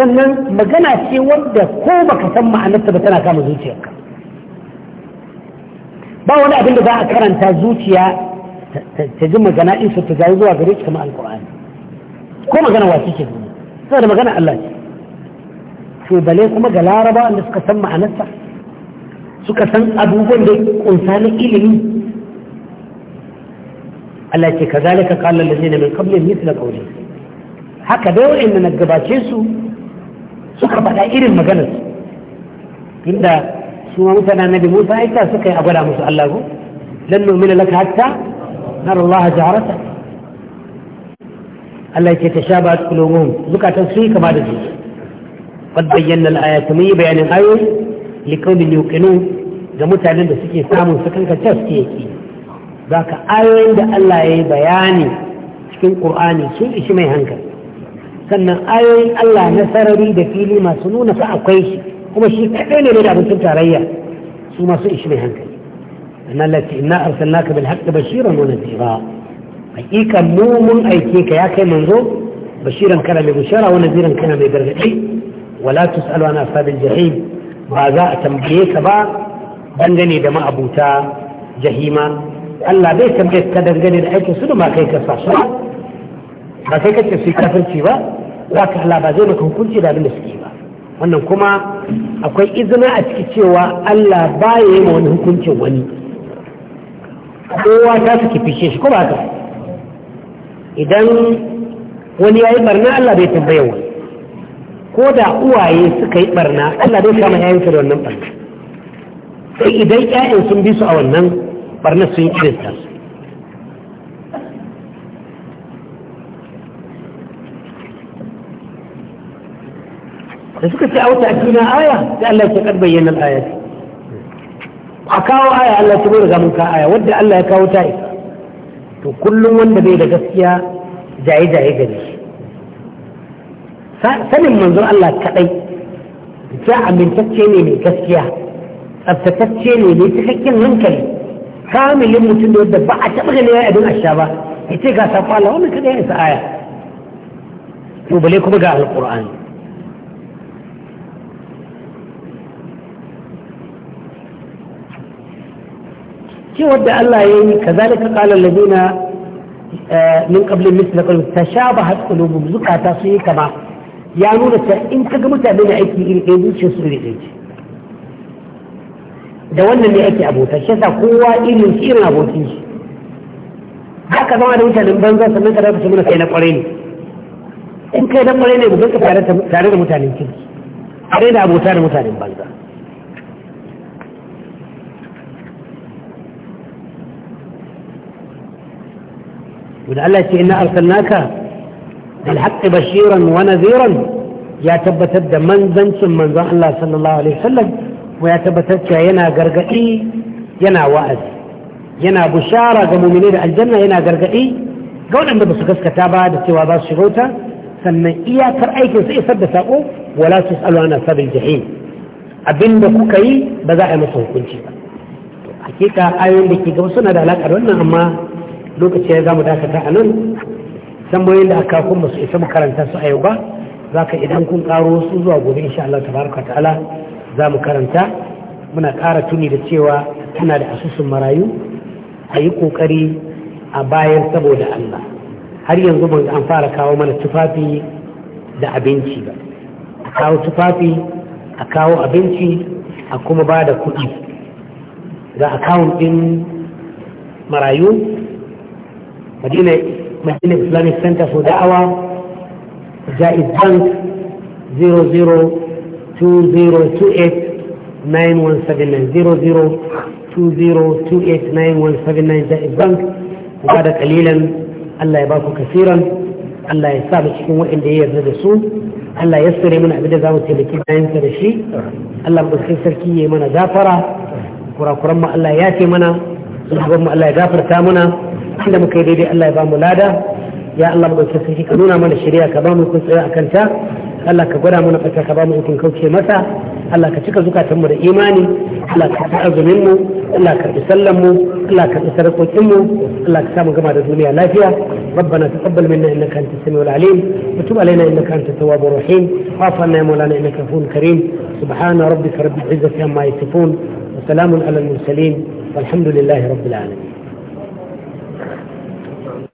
sannan magana ce wadda ko baka san ma'anarta ba tana kama zuciyarka ba wani abin da za a karanta zuciya ta ji magana in su ta zuwa gare shi kamar alkur'ani ko magana wasu ke duniya saboda magana Allah ce to bale kuma ga laraba wanda suka san ma'anarsa suka san abubuwan da kunsa na ilimi Allah ce kazalika qala allazina min qablihim mithla qawli haka dai wa'inda na gabace su suka faɗa irin maganar Inda su mutanen nabi Musa aika suka yi a gwada musu Allah ko lan nu'mina laka hatta nara Allah jaharata Allah yake ta shaba qulubuhum zukatan su kama da su qad bayyana al-ayati mun yi bayanin ayoyi li qaumin ga mutanen da suke samun su kanka suke yake ka ayoyin da Allah ya yi bayani cikin Qur'ani sun ishi mai hankali sannan ayoyin Allah na sarari da fili masu nuna su akwai shi kuma shi kaɗai ne da abincin tarayya su masu ishi mai hankali annan lati inna arsalnaka bil haqqi bashiran wa nadhira haqiqa mu mun aike ka ya kai manzo bashiran kana mai bushara wa nadhiran kana mai gargadi wala tusalu an ashabil jahim ba za a tambaye ka ba dangane da ma'abuta jahima Allah bai tambaye ka dangane da aikin su da ma kai ka sa ba kai kace su kafirci ba za ka Allah ba zai maka hukunci da abin da suke ba wannan kuma akwai izina a ciki cewa Allah ba ya yi ma wani hukuncin wani kowa ta suke fishe shi ko ba ka idan wani ya yi barna Allah bai tambaye wani ko da uwaye suka yi barna Allah bai kama yayin da wannan barna sai idan 'ya'yan sun bi su a wannan barna sun yi irin tasu da suka ce auta a cikin aya sai Allah ya kad bayyana ayat a kawo aya Allah ya riga mun ka aya wadda Allah ya kawo ta to kullum wanda bai da gaskiya jaye jaye gare shi sanin manzon Allah kadai ta amintacce ne mai gaskiya tsabtatacce ne mai cikakken hankali kamilin mutum da wadda ba a taɓa ganin ya abin asha ba ya ce ga safa Allah wani kada ya isa aya to bale kuma ga alƙur'ani ce wadda Allah ya yi ka zalika kala labina eh, min ƙablin da ƙalu ta sha ba haɗu ƙulubu zukata su yi kama ya nuna ta in ka ga mutane na aiki iri ɗaya zuciya su iri ɗaya da wannan ne ake abota shi yasa kowa irin shi irin abokin shi haka zama da mutanen banza sannan ka dafa mana kai na kwarai ne in kai na kwarai ne mu ka tare da mutanen kirki tare da abota da mutanen banza da Allah ce ina arsalnaka bil haqqi bashiran wa nadhiran ya tabbatar da manzancin manzon Allah sallallahu alaihi wasallam wa ya tabbatar cewa yana gargadi yana wa'azi yana bushara ga mu'mini da aljanna yana gargadi ga waɗanda ba su gaskata ba da cewa za su shiga wuta sannan iyakar aikin su isar da sako wala tusalu ana sabil jahim abinda kuka yi ba za a yi masa hukunci ba hakika ayoyin da ke gaba suna da alaƙa da wannan amma lokaci ya zamu dakata a nan tambayoyin da aka kuma su isa makaranta su a yau ba za ka idan kun karo su zuwa gobe insha Allah tabaraka ta'ala za mu karanta muna kara tuni da cewa tana da asusun marayu a yi ƙoƙari a bayan saboda Allah har yanzu ban an fara kawo mana tufafi da abinci ba a kawo tufafi a kawo abinci a kuma ba da kuɗi ga akawun ɗin marayu madina madina islamic center for da'awa jaiz bank 0020289179 jaiz bank ku ba da kalilan allah ya baku ku kasiran allah ya sa mu cikin waɗanda ya yarda da su allah ya sare mana abin da za mu taimaki bayansa da shi allah mu sarki ya yi mana gafara kurakuran mu allah ya mana zunuban mu allah ya gafarta mana inda muka yi daidai Allah ya ba mu lada ya Allah mu dauke sarki ka nuna mana shari'a ka ba mu kun tsaya akan ta Allah ka gwada mana fata ka ba mu ikon kauce masa Allah ka cika mu da imani Allah ka karɓi azumin mu Allah ka karɓi sallan mu Allah ka karɓi sarakokin mu Allah ka samu gama da duniya lafiya ربنا تقبل منا انك انت السميع العليم وتب علينا انك انت التواب الرحيم واعف عنا يا مولانا انك كريم سبحان ربك رب العزه عما يصفون وسلام على المرسلين والحمد لله رب العالمين